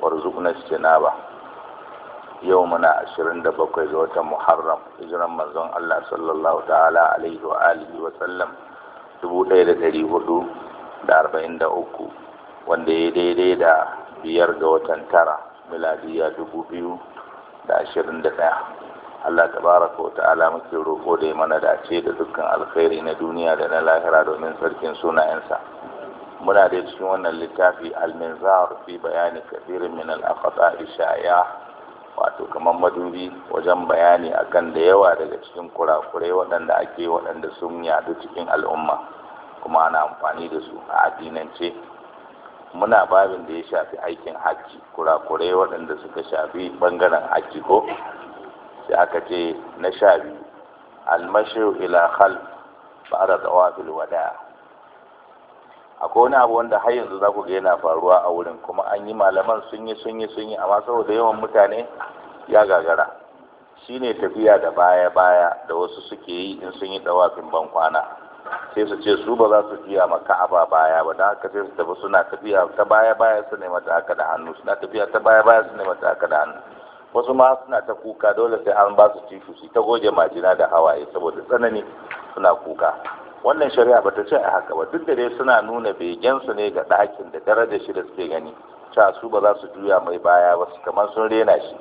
na ba yau muna 27 ga watan Muharram hijiran manzon Allah sallallahu ta'ala alaihi wa alihi wa sallam 1443 wanda ya daidai da biyar ga watan tara miladiya 2021 Allah tabaraka wa ta'ala muke roƙo da yi mana dace da dukkan alkhairi na duniya da na lahira domin sarkin sunayensa muna da cikin wannan littafi al-minzar fi bayani kathirin min al-akhata wato kamar madubi wajen bayani akan da yawa daga cikin kurakurai waɗanda ake waɗanda sun yadu cikin al'umma kuma ana amfani da su a addinance muna babin da ya shafi aikin hajji kurakurai waɗanda suka shafi bangaren hajji ko sai aka ce na sha biyu almashu ila khalf ba'da tawafil wada' akwai wani abu wanda har yanzu za ku ga yana faruwa a wurin kuma an yi malaman sun yi sun yi sun yi amma saboda yawan mutane ya gagara shine tafiya da baya baya da wasu suke yi in sun yi dawafin ban kwana sai su ce su ba za su jiya ma ka'aba baya ba don haka sai su tafi suna tafiya ta baya baya su ne mata haka da hannu suna tafiya ta baya baya su ne mata haka da hannu wasu ma suna ta kuka dole sai an ba su tishu su ta goge majina da hawaye saboda tsanani suna kuka wannan shari'a ba ta ce a haka ba duk da dai suna nuna begensu ne ga ɗakin da daraja shi da suke gani cewa su ba za su juya mai baya ba kamar sun rena shi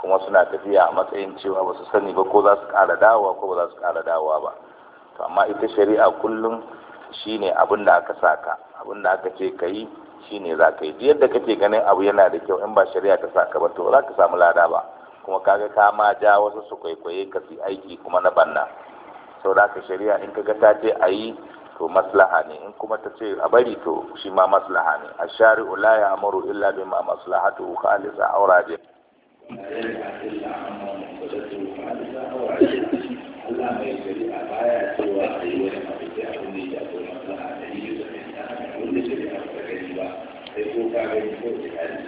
kuma suna tafiya a matsayin cewa ba su sani ba ko za su ƙara dawowa ko ba za su ƙara dawowa ba to amma ita shari'a kullum shine abin da aka saka abin da aka ce ka shine za ka yi yadda kake ganin abu yana da kyau in ba shari'a ta saka ba to za ka samu lada ba kuma kaga ka ma ja wasu su kwaikwaye ka su aiki kuma na banna sau da shari'a in kaga ta ce a yi to maslaha ne in kuma ta ce a bari to shi ma maslaha ne a shari'u la ya amuru illa bi ma Allah mai baya a yi wani maslaha da da da sai ko ka gani ko ta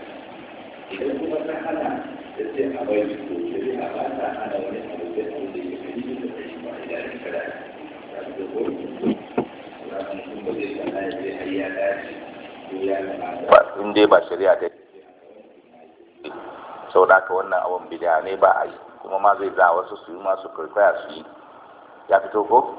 idan kuma ta hana da ce a bari to shari'a ba ta hana wani abu da abin da ya gani da in dai ba shari'a ta sau da wannan abin bidiya ne ba a yi kuma ma zai za wasu su yi masu kwaikwaya su yi ya fito ko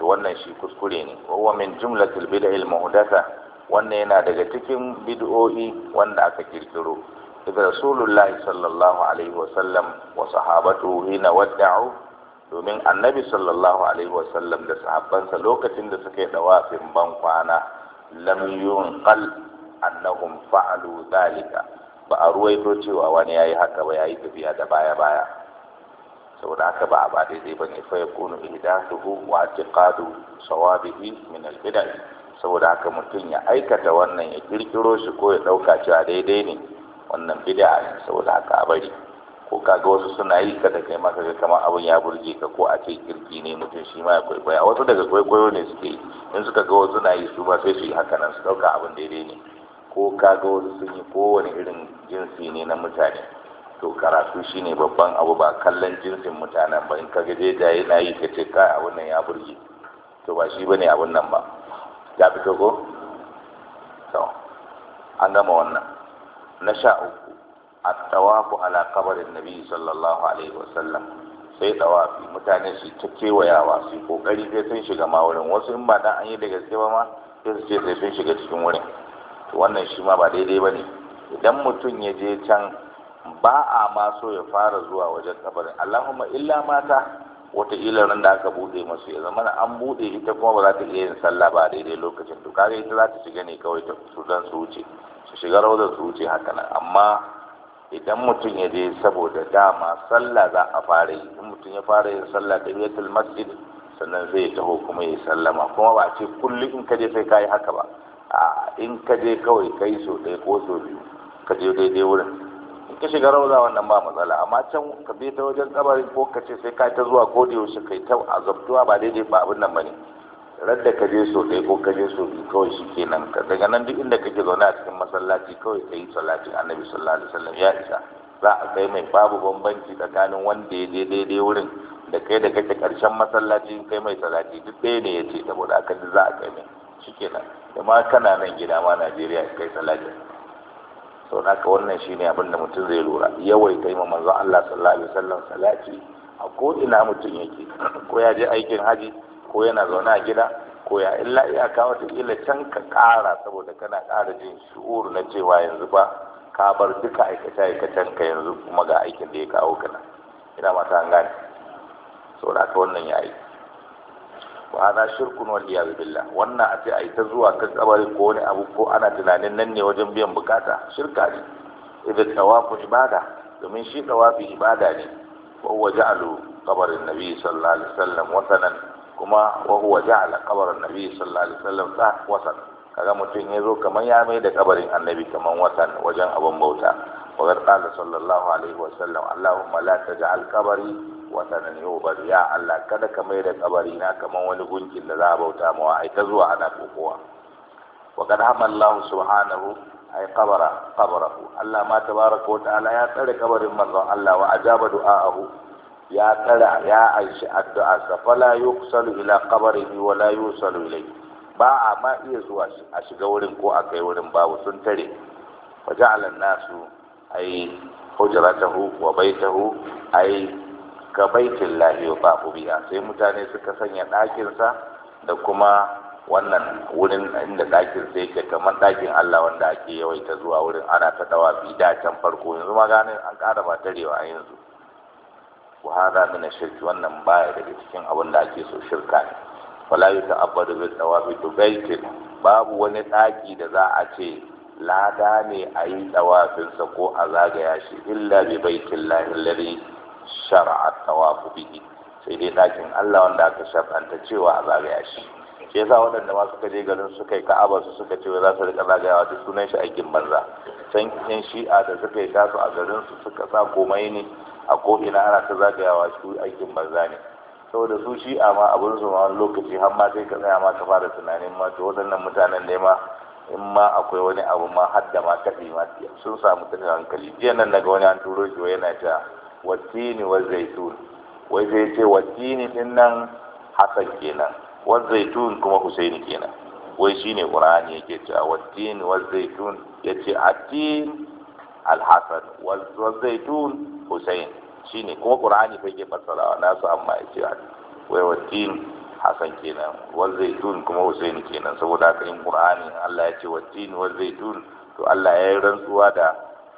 to wannan shi kuskure ne wa min jumlatil bid'il muhdatha wannan yana daga cikin bid'o'i wanda aka kirkiro idan rasulullahi sallallahu alaihi wa sallam wa sahabatu hina wadda'u domin annabi sallallahu alaihi wasallam da sahabbansa lokacin da suka yi ɗawafin ban kwana lam qal annahum fa'alu dhalika ba a ruwaito cewa wani yayi haka ba yayi tafiya da baya baya saboda haka ba ba daidai bane fa yakunu ihdathuhu wa i'tiqadu sawabihi min al-bid'ah saboda haka mutum ya aikata wannan ya kirkiro shi ko ya dauka cewa daidai ne wannan bid'a saboda haka a bari ko kaga wasu suna yi ka da kai maka ga kamar abin ya burge ka ko a ce kirki ne mutum shi ma ya kwaikwaya wasu daga kwaikwayo ne suke yi in suka ga wasu na yi su ba sai su yi haka nan su ɗauka abin daidai ne ko kaga wasu sun yi kowane irin jinsi ne na mutane to karatu shi ne babban abu ba kallon jinsin mutanen ba in ka ga jejaye na yi ka ce ka a wannan ya burge to ba shi ba ne abin nan ba ya fito ko to an gama wannan na sha uku attawafu ala kabarin nabi sallallahu alaihi wasallam sai tawafi mutane su ta kewayawa su kokari sai sun shiga ma wurin wasu in ba dan an yi da gaske ba ma sai su ce sai sun shiga cikin wurin to wannan shi ma ba daidai ba ne. idan mutum ya je can ba a ma so ya fara zuwa wajen kabarin Allahumma illa mata wataƙila ran da aka buɗe masu ya zama an buɗe ita kuma ba za ta iya yin sallah ba daidai lokacin to kaga ita za ta shiga ne kawai ta su dan su wuce su shiga rawar su wuce haka nan amma idan mutum ya je saboda dama sallah za a fara yi in mutum ya fara yin sallah ya biyatul masjid sannan zai taho kuma ya sallama kuma ba ce kullum in ka je sai ka yi haka ba a in ka je kawai ka yi so ɗaya ko so biyu ka je daidai wurin in ka shiga rauza wannan ba matsala amma can ka bi ta wajen kabarin ko ka ce sai ka ta zuwa ko da yaushe kai ta azabtuwa ba daidai ba abin nan ba ne radda ka je so ɗaya ko ka je so biyu kawai shi kenan ka daga nan duk inda kake zaune a cikin masallaci kawai ka yi salatin annabi sallallahu alaihi wasallam ya isa za a kai mai babu bambanci tsakanin wanda ya je daidai wurin da kai da kake karshen masallaci kai mai salati duk ɗaya ne ya ce saboda haka duk za a kai mai shi kenan da ma kana nan gida ma Najeriya kai salatin na ka wannan shi abin da mutum zai lura yawai kai ma manzo Allah sallallahu alaihi wasallam salati a ko ina mutum yake ko ya je aikin haji ko yana zaune a gida ko ya illa iyaka wataƙila can ka ƙara saboda kana ƙara jin shu'ur na cewa yanzu ba ka bar duka aikace aikacen ka yanzu kuma ga aikin da ya kawo kana ina mata an gane saboda aka wannan ya yi wa ana shirkun wani ya billah wannan a ce ai ta zuwa kan kabari ko wani abu ko ana tunanin nan ne wajen biyan bukata shirka ne idan tawafu ibada domin shi tawafi ibada ne wa huwa ja'alu nabi sallallahu alaihi wasallam wasanan kuma wa huwa ja'ala qabran nabi sallallahu alaihi wasallam ta wasan kaga mutum ya zo kamar ya mai da kabarin annabi kamar wasan wajen abin bauta wa qala sallallahu alaihi wasallam allahumma la taj'al qabri watanan yau bari ya Allah kada ka mai da kabari na kaman wani gunkin da za a bauta mawa ai ta zuwa ana kokowa wa kad hamallahu subhanahu ai qabara qabarahu Allah ma tabaraka wa ta'ala ya tsare kabarin manzon Allah wa ajaba du'aahu ya kara ya aishi addu'a sa fala yuksalu ila qabrihi wa la yusalu ilayhi ba a ma iya zuwa a shiga wurin ko a kai wurin babu sun tare wa ja'ala nasu ay hujratahu wa baytahu ay ka baitin lahi wa babu biya sai mutane suka sanya ɗakinsa da kuma wannan wurin inda ɗakin sai ke kamar ɗakin Allah wanda ake yawaita zuwa wurin ana ta dawa bi da can farko yanzu ma gane an ƙara ba tarewa yanzu wa hada min shirki wannan baya daga cikin abin da ake so shirka ne wala yuta'abbadu bil tawafi baitin babu wani daki da za a ce lada ne a yi sa ko a zagaya shi illa bi baitin lahi shar'a tawafu bihi sai dai dakin Allah wanda aka shar'anta cewa a zagaya shi sai yasa waɗanda ma suka je garin suka yi ka'aba su suka ce za su rika zagayawa duk sunan shi aikin banza can yan shi'a da suka yi tasu a garin su suka sa komai ne a ko'ina ana ta zagayawa su aikin banza ne saboda su shi a ma abin su ma lokaci har ma sai ka tsaya ma ka fara tunanin ma to waɗannan mutanen ne ma in ma akwai wani abu ma har da ma kaɗi ma sun samu tashin hankali jiya nan daga wani an turo shi Wai yana ta watini wa zaitun wai zai ce watini din nan hasan kenan wa zaitun kuma husaini kenan wai shine qur'ani yake cewa watini wa zaitun yace atin alhassan wazaitun hussein shine kuma qur'ani fa yake fassarawa su, amma ya ce wai wattin hasan kenan wazaitun kuma hussein kenan saboda haka in qur'ani Allah ya ce wattin wazaitun to Allah ya yi rantsuwa da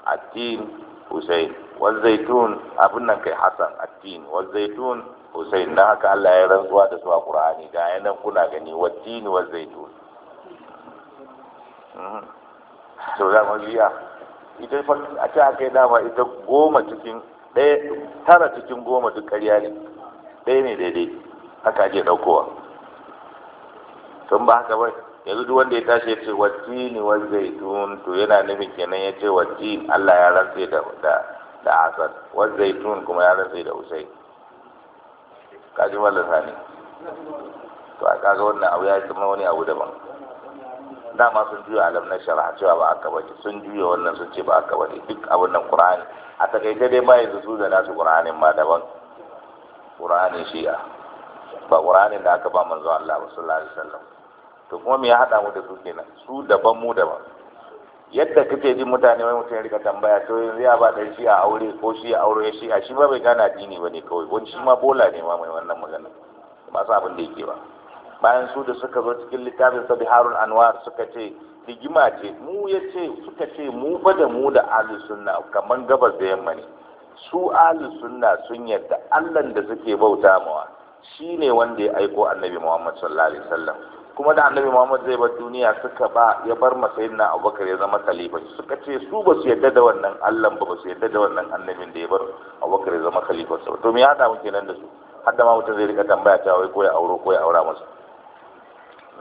attin hussein wazaitun abin nan kai hasan attin wazaitun hussein don haka Allah ya rantsuwa da su a qur'ani ga nan kuna gani wattin wazaitun hmm. to za mu ita fa a ce aka yi dama ita goma cikin ɗaya tara cikin goma duk ƙarya ne ɗaya ne daidai haka ake ɗaukowa tun ba haka ba yanzu duk wanda ya tashi ya ce watini wa zaitun to yana nufin kenan ya ce wacce Allah ya rantse da da da Hassan wa tun kuma ya rantse da usai kaji mallan ne to a kaga wannan abu ya zama wani abu daban dama sun juya alam na shara cewa ba aka bane sun juya wannan sun ce ba aka bane duk abin nan qur'ani a takaice dai ba yanzu su da nasu qur'anin ma daban qur'anin shi'a ba qur'anin da aka ba manzo Allah sallallahu alaihi wasallam to kuma me ya hada mu da su kenan su daban mu daban yadda kake ji mutane wai mutum ya rika tambaya to yanzu ya ba dan shi a aure ko shi a aure shi a shi ba bai gana addini bane kawai wani shi ma bola ne ma mai wannan magana ba sa abin da yake ba bayan su da suka zo cikin littafin sa Harun anwar suka ce rigima ce mu ya ce suka ce mu ba da mu da ahlus sunna kaman gabas da yamma ne su ahlus sunna sun yarda allan da suke bauta mawa shine wanda ya aiko annabi Muhammad sallallahu alaihi wasallam kuma da annabi Muhammad zai bar duniya suka ba ya bar masayidina Abubakar ya zama khalifa suka ce su ba su yarda da wannan allan ba ba su yarda da wannan annabin da ya bar Abubakar ya zama khalifa to me ya hada muke nan da su hadda ma mutum zai rika tambaya cewa wai ko ya auro ko ya aura masa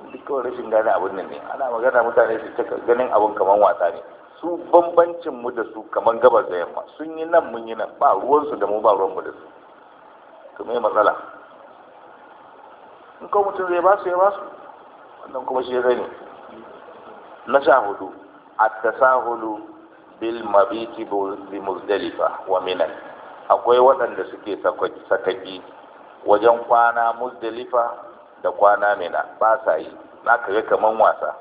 duk kawai rashin gane abin nan ne ana magana mutane su ta ganin abin kamar wasa ne su bambancin mu da su kamar gabar da yamma sun yi nan mun yi nan ba ruwansu da mu ba ruwan mu da su to me matsala in ko mutum zai ba su ya ba su wannan kuma shi zai ne na sha hudu at-tasahulu bil mabiti bi muzdalifa wa minan akwai waɗanda suke sakaki wajen kwana muzdalifa da kwana mina ba sa yi na kare kamar wasa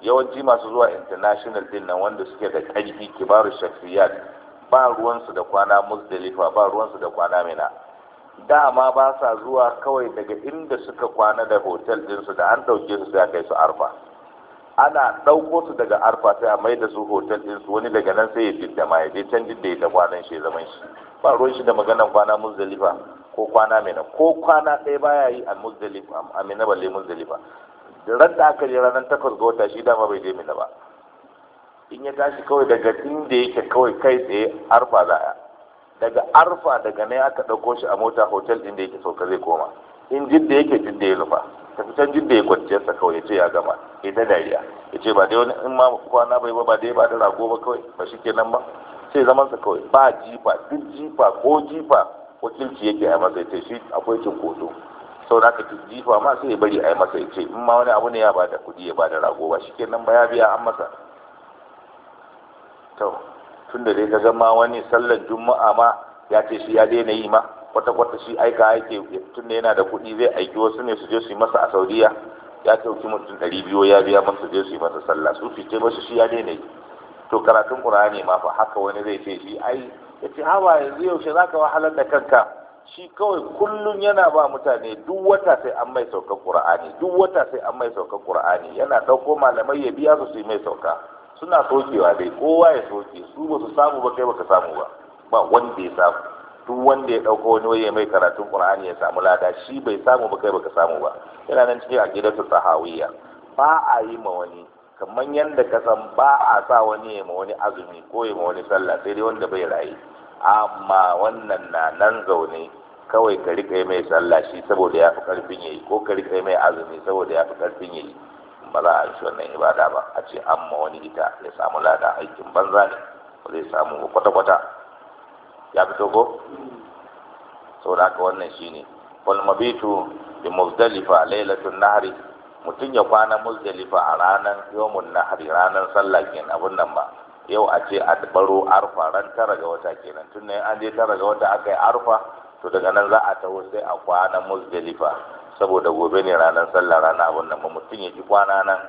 yawanci masu zuwa international din nan wanda suke da ƙarfi kibaru shafiyat ba ruwansu da kwana musdalifa ba ruwansu da kwana mina dama ba sa zuwa kawai daga inda suka kwana da hotel dinsu da an ɗauke su sai kai su arfa ana ɗauko su daga arfa sai a mai da su hotel dinsu wani daga nan sai ya fidda ma ya je can da ya ta kwanan shi zaman shi ba ruwan shi da maganan kwana musdalifa ko kwana mai ko kwana ɗaya baya yi a muzdalifa a mina balle ran da aka je ranar takwas ga wata shi dama bai je mina ba in ya tashi kawai daga inda yake kawai kai tsaye arfa za a daga arfa daga ne aka ɗauko shi a mota hotel ɗin da yake sauka zai koma in jidda yake jidda ya nufa tafi can jidda ya sa kawai ya ce ya gama ya ta dariya ya ce ba dai wani in ma kwana bai ba ba dai ba da rago ba kawai ba shi kenan ba sai sa kawai ba jifa duk jifa ko jifa wakilci yake a masa ce shi akwai cinkoso sau da aka jifa ma sai ya bari a yi masa ya ce in ma wani abu ne ya bada kuɗi ya bada rago ba nan ba ya biya an masa to tun da dai ka zama wani sallar juma'a ma ya ce shi ya daina yi ma kwata-kwata shi aika aiki tun da yana da kuɗi zai aiki wasu ne su je su yi masa a saudiya ya ɗauki mutum ɗari biyu ya biya masa je su yi masa sallah su fice masa shi ya daina yi to karatun qur'ani ma fa haka wani zai ce shi ai yace hawa yanzu yaushe zaka wahalar da kanka shi kawai kullum yana ba mutane duk wata sai an mai saukar qur'ani duk wata sai an mai saukar qur'ani yana dauko malamai ya biya su su mai sauka suna sokewa dai kowa ya soke su ba su samu ba kai baka samu ba ba wanda ya samu duk wanda ya dauko wani waye mai karatun qur'ani ya samu lada shi bai samu ba kai baka samu ba yana nan cikin aqidatu sahawiyya ba a yi ma wani kamar yadda ka san ba a sa wani ya ma wani azumi ko ya ma wani sallah sai dai wanda bai rayu amma wannan na nan zaune kawai ka rika mai sallah shi saboda ya fi karfin yayi ko ka rika mai azumi saboda ya fi karfin yayi ba za a shi wannan ibada ba a ce amma ma wani ita ya samu lada aikin banza ne ba zai samu kwata-kwata ya fito ko da haka wannan shine wal mabitu bi muzdalifa lailatul nahri mutum ya kwana muzdalifa a ranar na hari ranar sallah kenan abun nan ba yau a ce a baro arfa ran tara ga wata kenan tun ne an je tara ga wata aka yi arfa to daga nan za a taho sai a kwana muzdalifa saboda gobe ne ranar sallah ranar abun nan ba mutum ya ji kwana nan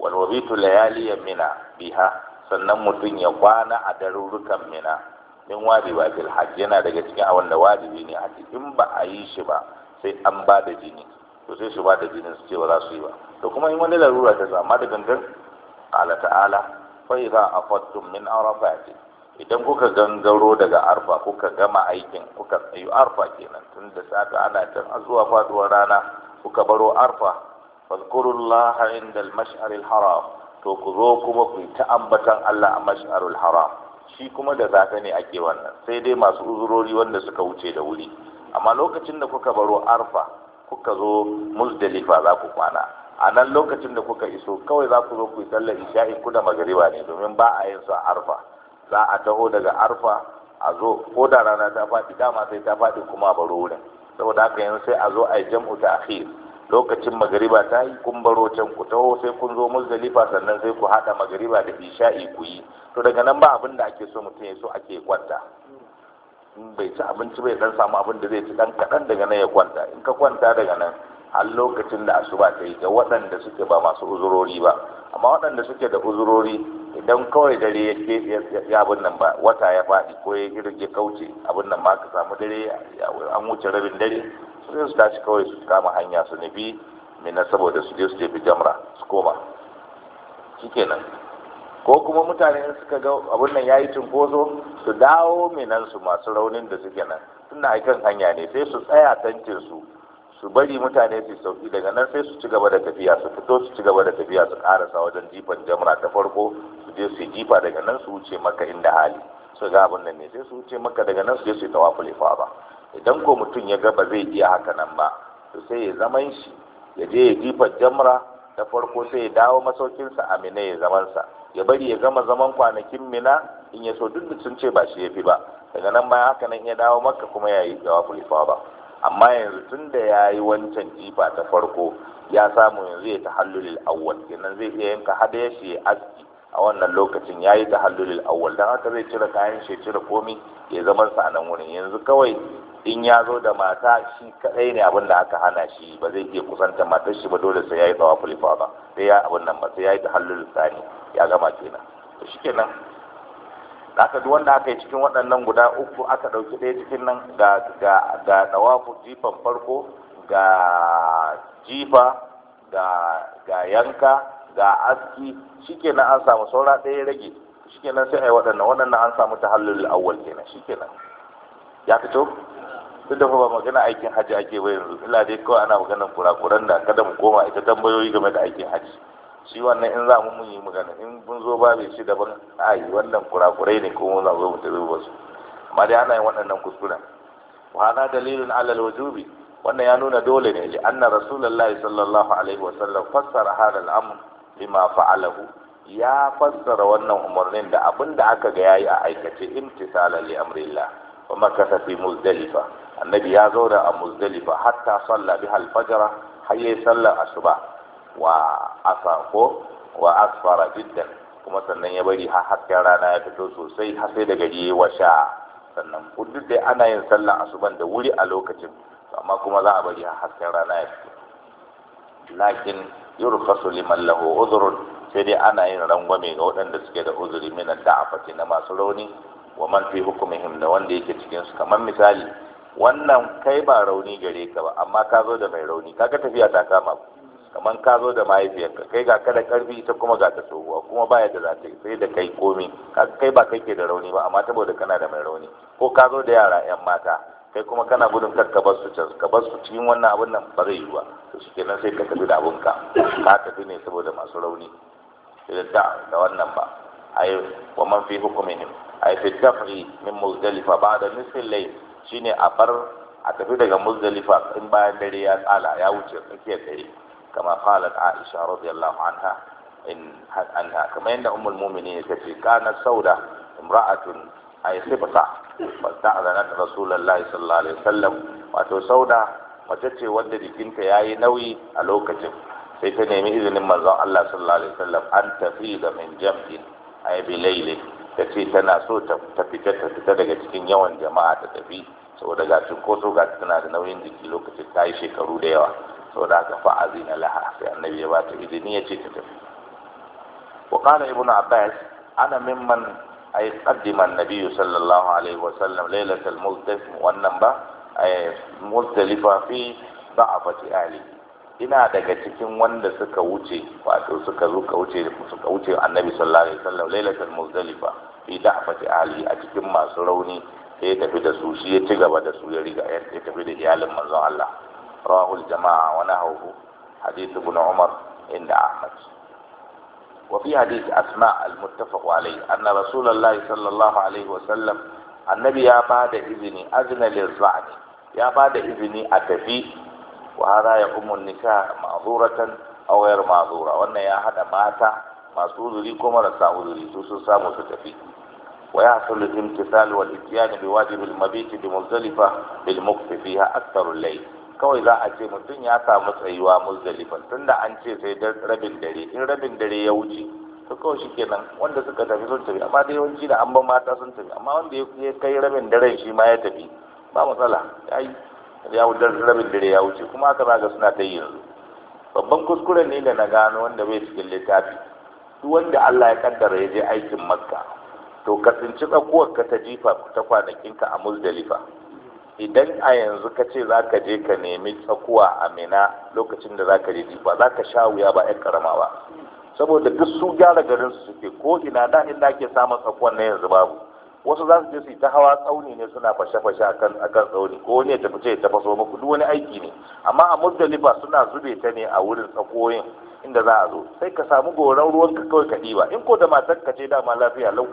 wal wabitu layaliyan mina biha sannan mutum ya kwana a darurrukan mina in wajiba fil hajj yana daga cikin a wanda wajibi ne a cikin ba a yi shi ba sai an ba da jini to sai su ba da jinin su ce ba za su yi ba to kuma in wani larura ta zama da gangan ala ta'ala fa idza afattum min arafat idan kuka gangaro daga arfa kuka gama aikin kuka tsayu arfa kenan tun da safe ana can zuwa faduwar rana kuka baro arfa fadhkurullaha inda al al haram to ku zo kuma ku ta ambatan Allah a al haram shi kuma da zaka ne ake wannan sai dai masu uzurori wanda suka wuce da wuri amma lokacin da kuka baro arfa kuka zo musdalifa za ku kwana a nan lokacin da kuka iso kawai za ku zo ku yi sallar isha'i ku da magariba ne domin ba a yin sa arfa za a taho daga arfa a zo ko da rana ta faɗi dama sai ta faɗi kuma a baro wurin saboda haka yanzu sai a zo a yi jam'u ta akhir lokacin magariba ta yi kun baro can ku taho sai kun zo musdalifa sannan sai ku haɗa magariba da isha'i ku yi to daga nan ba abin da ake so mutum ya so ake kwanta in bai ci abinci bai dan samu abin da zai ci dan kaɗan daga nan ya kwanta in ka kwanta daga nan har lokacin da asuba ta yi ga waɗanda suke ba masu uzurori ba amma waɗanda suke da uzurori idan kawai dare ya ke ya abin nan ba wata ya faɗi ko ya ya kauce abin nan ma ka samu dare an wuce rabin dare su sai su tashi kawai su kama hanya su nufi mina saboda su je su je jamra su koma shikenan ko kuma mutane in suka ga abin nan yayi cinkoso su dawo minan su masu raunin da suke nan suna a kan hanya ne sai su tsaya tantin su su bari mutane su sauki daga nan sai su ci gaba da tafiya su fito su ci gaba da tafiya su karasa wajen jifan jamra ta farko su je su jifa daga nan su wuce maka inda hali su ga abin nan ne sai su wuce maka daga nan su je su yi fa ba, idan ko mutum ya ga ba zai iya haka nan ba to sai ya zaman shi ya je ya jifa jamra da farko sai ya dawo masaukinsa a mina ya zamansa ya bari ya gama zaman kwanakin mina in ya so duk sun ce ba shi ya fi ba daga nan ma haka nan ya dawo maka kuma ya yi jawabul ba amma yanzu tun da ya yi wancan jifa ta farko ya samu yanzu ya tahallulil awwal kenan zai iya yanka ya shi ya aski a wannan lokacin ya yi tahallulil awwal don haka zai cire kayan shi cire komi ya zamansa a nan wurin yanzu kawai in ya zo da mata shi kadai ne abin da aka hana shi ba zai iya kusanta matar shi ba dole sai ya yi tsawa kulifa ba sai ya abin nan ba sai ya yi ta tahallul tsani ya gama kenan to shikenan aka duk wanda aka yi cikin waɗannan guda uku aka ɗauki ɗaya cikin nan ga ga ga jifan farko ga jifa ga ga yanka ga aski shikenan an samu saura ɗaya rage shikenan sai a yi waɗannan waɗannan an samu tahallul awwal kenan shikenan ya fito tun da ba magana aikin hajji ake bai yanzu illa dai kawai ana maganar kurakuran da kada mu koma ita tambayoyi game da aikin hajji shi wannan in za mu mun yi magana in mun zo ba bai shi daban ai wannan kurakurai ne ko mun zo mu tabi su amma dai ana yin waɗannan kuskuren wa dalilin dalilun ala wannan ya nuna dole ne li anna sallallahu alaihi wasallam fassara hada al'amr lima fa'alahu ya fassara wannan umarnin da abin da aka ga yayi a aikace imtisala li amrillah wa kasafi fi muzdalifa annabi ya zauna a muzdalifa hatta salla biha al-fajr har yayi asuba wa wa asfara kuma sannan ya bari har hasken rana ya fito sosai har sai da gari ya washa sannan duk da ana yin sallar asuban da wuri a lokacin amma kuma za a bari har hasken rana ya fito lakin yurkhasu liman lahu udhrun sai dai ana yin rangwame ga waɗanda suke da uzuri min da'afati na masu rauni wa man fi hukumihim da wanda yake cikin su kamar misali wannan kai ba rauni gare ka ba amma ka zo da mai rauni kaga tafiya ta kama ku kamar ka zo da mahaifiyarka kai ga kada karfi ita kuma ga ta tsohuwa kuma baya da za ta yi sai da kai komi kai ba kai ke da rauni ba amma saboda kana da mai rauni ko ka zo da yara yan mata kai kuma kana gudun kar ka bar su can ka bar su cikin wannan abun nan ba zai yi ba to shi kenan sai ka tafi da abunka ka tafi ne saboda masu rauni sai da da wannan ba ay wa man fi hukumihim ay fi daf'i min muzdalifa ba'da nisfi al-layl shine a bar a tafi daga muzdalifa in bayan dare ya tsala ya wuce tsakiyar dare kama qalat aisha radiyallahu anha in anha kama yanda ummul mu'minin tace kana sauda imra'atun ay sibta fasta'zanat wato sauda mace ce wanda jikinta yayi nauyi a lokacin sai ta nemi izinin manzon Allah sallallahu alaihi wasallam an tafi da min jam'in ai laile ta ce tana so ta fita ta fita daga cikin yawan jama'a ta tafi saboda ga koso ga tana da nauyin jiki lokacin ta yi shekaru da yawa saboda haka fa azina laha sai annabi ya bata izini ya ce ta tafi wa qala ibnu abbas ana mimman ay qaddima an-nabi sallallahu alaihi wa sallam lailatul muzdalifah wannan ba ay muzdalifa fi ina daga cikin wanda suka wuce wato suka zo ka wuce suka wuce annabi sallallahu alaihi wasallam lailatul muzdalifa fi da'fati ahli a cikin masu rauni sai ya tafi da su shi ya ci gaba da su ya riga ya tafi da iyalin manzon Allah rawahul jama'a wa nahu hadith ibn umar inda ahmad wa fi hadith asma al-muttafaq alayhi anna rasulullahi sallallahu alaihi wasallam annabi ya bada izini azna lil ya bada izini a tafi wa hada ya umun nisa ma'zuratan aw ma'zura wannan ya haɗa mata masu uzuri ko marasa uzuri su sun samu su tafi ويحصل الامتثال والاتيان بواجب المبيت بمزدلفة بالمكث فيها أكثر الليل kawai za a ce mutum ya samu tsayuwa muzdalifan tunda an ce sai da rabin dare in rabin dare ya wuce to kawai shikenan wanda suka tafi sun tafi amma da yawanci da an ba mata sun tafi amma wanda ya kai rabin daren shi ma ya tafi ba matsala ya wuce rabin dare ya wuce kuma aka za ga suna ta yi yanzu babban kuskure ne da na gano wanda bai cikin littafi duk wanda Allah ya kaddara ya je aikin makka to ka tsinci tsakuwar ka ta jifa ta kwanakinka a muzdalifa idan a yanzu ka ce za ka je ka nemi tsakuwa a mina lokacin da za ka je jifa za ka sha wuya ba yan karama ba saboda duk su gyara garin su suke ko ina da inda ake samun tsakuwan na yanzu babu wasu za su je su yi ta hawa tsauni ne suna fashe-fashe akan akan tsauni ko wani ya tafi ce ta faso muku duk wani aiki ne amma a muzdalifa suna zube ta ne a wurin tsakoyin inda za a zo sai ka samu goran ruwan ka kawai ka ɗiba in ko da matar ka ce dama lafiya lau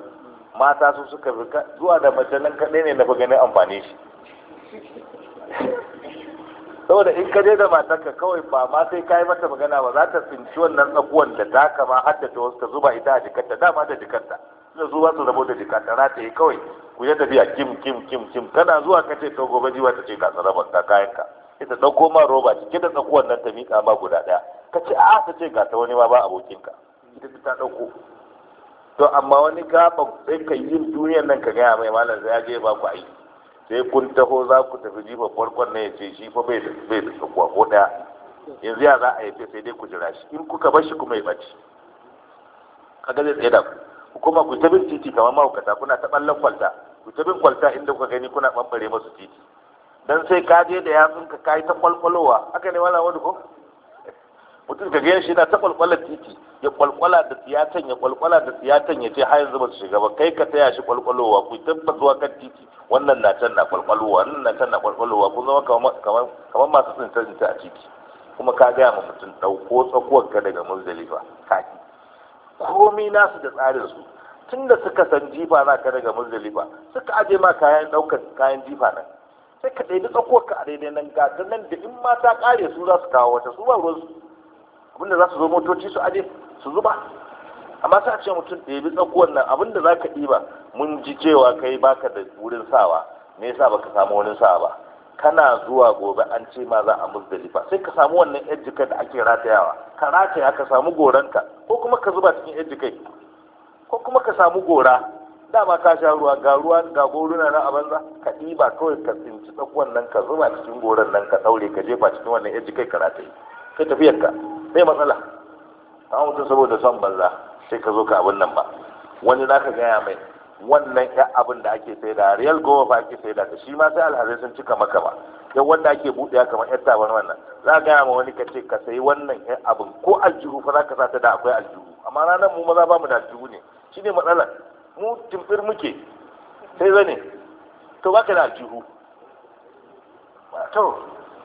mata su suka fi zuwa da mace nan kaɗai ne na fi ganin amfani shi saboda in ka je da matarka kawai ba ma sai ka yi mata magana ba za ta tsinci wannan tsakuwan da ta kama hadda ta wasu ta zuba ita a jikarta dama da jikarta da su ba su rabo da jika ta rataye kawai ku yi tafiya kim kim kim kim kana zuwa ka ce to gobe jiwa ta ce ka sarrafa ka kayan ka ita ɗauko ma roba cike da tsakuwan nan ta miƙa ma guda ɗaya ka ce a ta ce ga ta wani ma ba abokin ka ita ta ɗauko to amma wani gaban sai ka yi duniyar nan ka gaya mai malam zai je ba ku aiki sai kun taho za ku tafi jifa farkon ne ya ce shi fa bai da bai da tsakuwa ko ɗaya yanzu ya za a yi sai dai ku jira shi in kuka bar shi kuma ya ɓaci kaga zai tsaye da ku ku kuma ku tabin titi kamar mahaukata kuna ta ballan kwalta ku tabin kwalta inda kuka gani kuna bambare masu titi dan sai ka je da yatsun ka kai ta kwalkwalowa haka ne wala wani ko mutum ka gani shi na ta kwalkwala titi ya kwalkwala da tiyatan ya kwalkwala da tiyatan ya ce har yanzu ba su shiga ba kai ka taya shi kwalkwalowa ku tabbatuwa kan titi wannan na can na kwalkwalowa wannan na can na kwalkwalowa kun zama kamar masu tsinta a titi kuma ka gaya ma mutum ɗauko tsakuwar ka daga muzdalifa kaki komi nasu da tsarin su tun da suka san jifa za ka daga muzdalifa suka aje ma kayan daukar kayan jifa nan sai ka ɗaiɗi tsakuwar ka a daidai nan ga ta nan da in ma ta ƙare su za su kawo wata su ba ruwan su abinda za su zo motoci su aje su zuba amma sai a ce mutum da ɗaiɗi tsakuwar nan abinda za ka ɗiba mun ji cewa kai baka da wurin sawa me yasa baka samu wurin sawa ba kana zuwa gobe an ce ma za a muzdalifa sai ka samu wannan ejikai da ake ratayawa ka rataya ka samu goranka ko kuma ka zuba cikin ejikai ko kuma ka samu gora dama ka sha ruwa ga ruwa ga goruna na abanza ka ɗiba kawai ka tsinci tsakuwan wannan ka zuba cikin goran nan ka daure ka jefa cikin wannan ejikai ka rataye kai tafiyar ka sai matsala a mutum saboda son banza sai ka zo ka abin nan ba wani za ka gaya mai wannan ya abin da ake sai da real gowa ba ake sai da ta shi ma sai alhazai sun cika maka ba yau wanda ake buɗewa kamar yadda tabar wannan za ka gaya ma wani ka ce ka sayi wannan ya abin ko aljihu fa za ka sa ta da akwai aljihu amma ranar mu maza ba mu da aljihu ne shi ne matsalar mu timfir muke sai zane to ba ka da aljihu to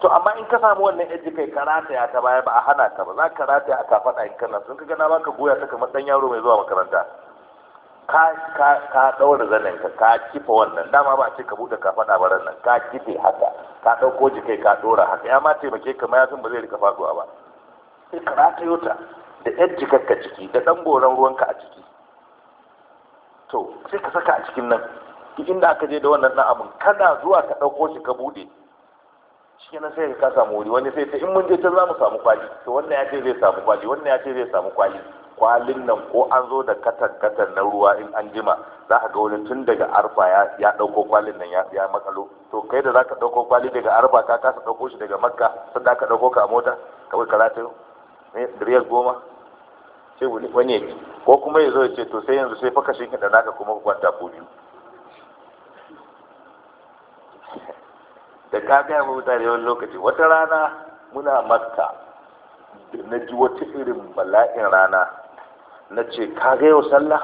to amma in ka samu wannan yaji kai ka rataya ta baya ba a hana ka ba za ka rataya a kafaɗa in kana sun ka gana ba ka goya ta kamar ɗan yaro mai zuwa makaranta ka ɗaura zanen ka ka kifa wannan dama ba ce ka buɗe ka faɗa ba nan ka kife haka ka ɗauko jikai ka ɗora haka ya ma taimake ka mayafin ba zai rika faɗuwa ba sai ka ratayo ta da yan jikar ciki da ɗan goron ruwanka a ciki to sai ka saka a cikin nan inda aka je da wannan ɗan abin kana zuwa ka ɗauko shi ka buɗe shi na sai ka samu wuri wani sai ta in mun je can za mu samu kwali to wannan ya ce zai samu kwali wannan ya ce zai samu kwali kwalin nan ko an zo da katan-katan na ruwa in an jima za ka ga wani tun daga arfa ya ɗauko kwalin nan ya makalo to kai da za ka ɗauko kwali daga arfa ka kasa ɗauko shi daga makka sun da ka ɗauko ka a mota kawai karatu riyal goma sai wani ya ko kuma ya zo ya ce to sai yanzu sai faka shi da naka kuma kwanta ko biyu da ka gaya mutane wani lokaci wata rana muna makka na ji wata irin bala'in rana na ce ka ga yau sallah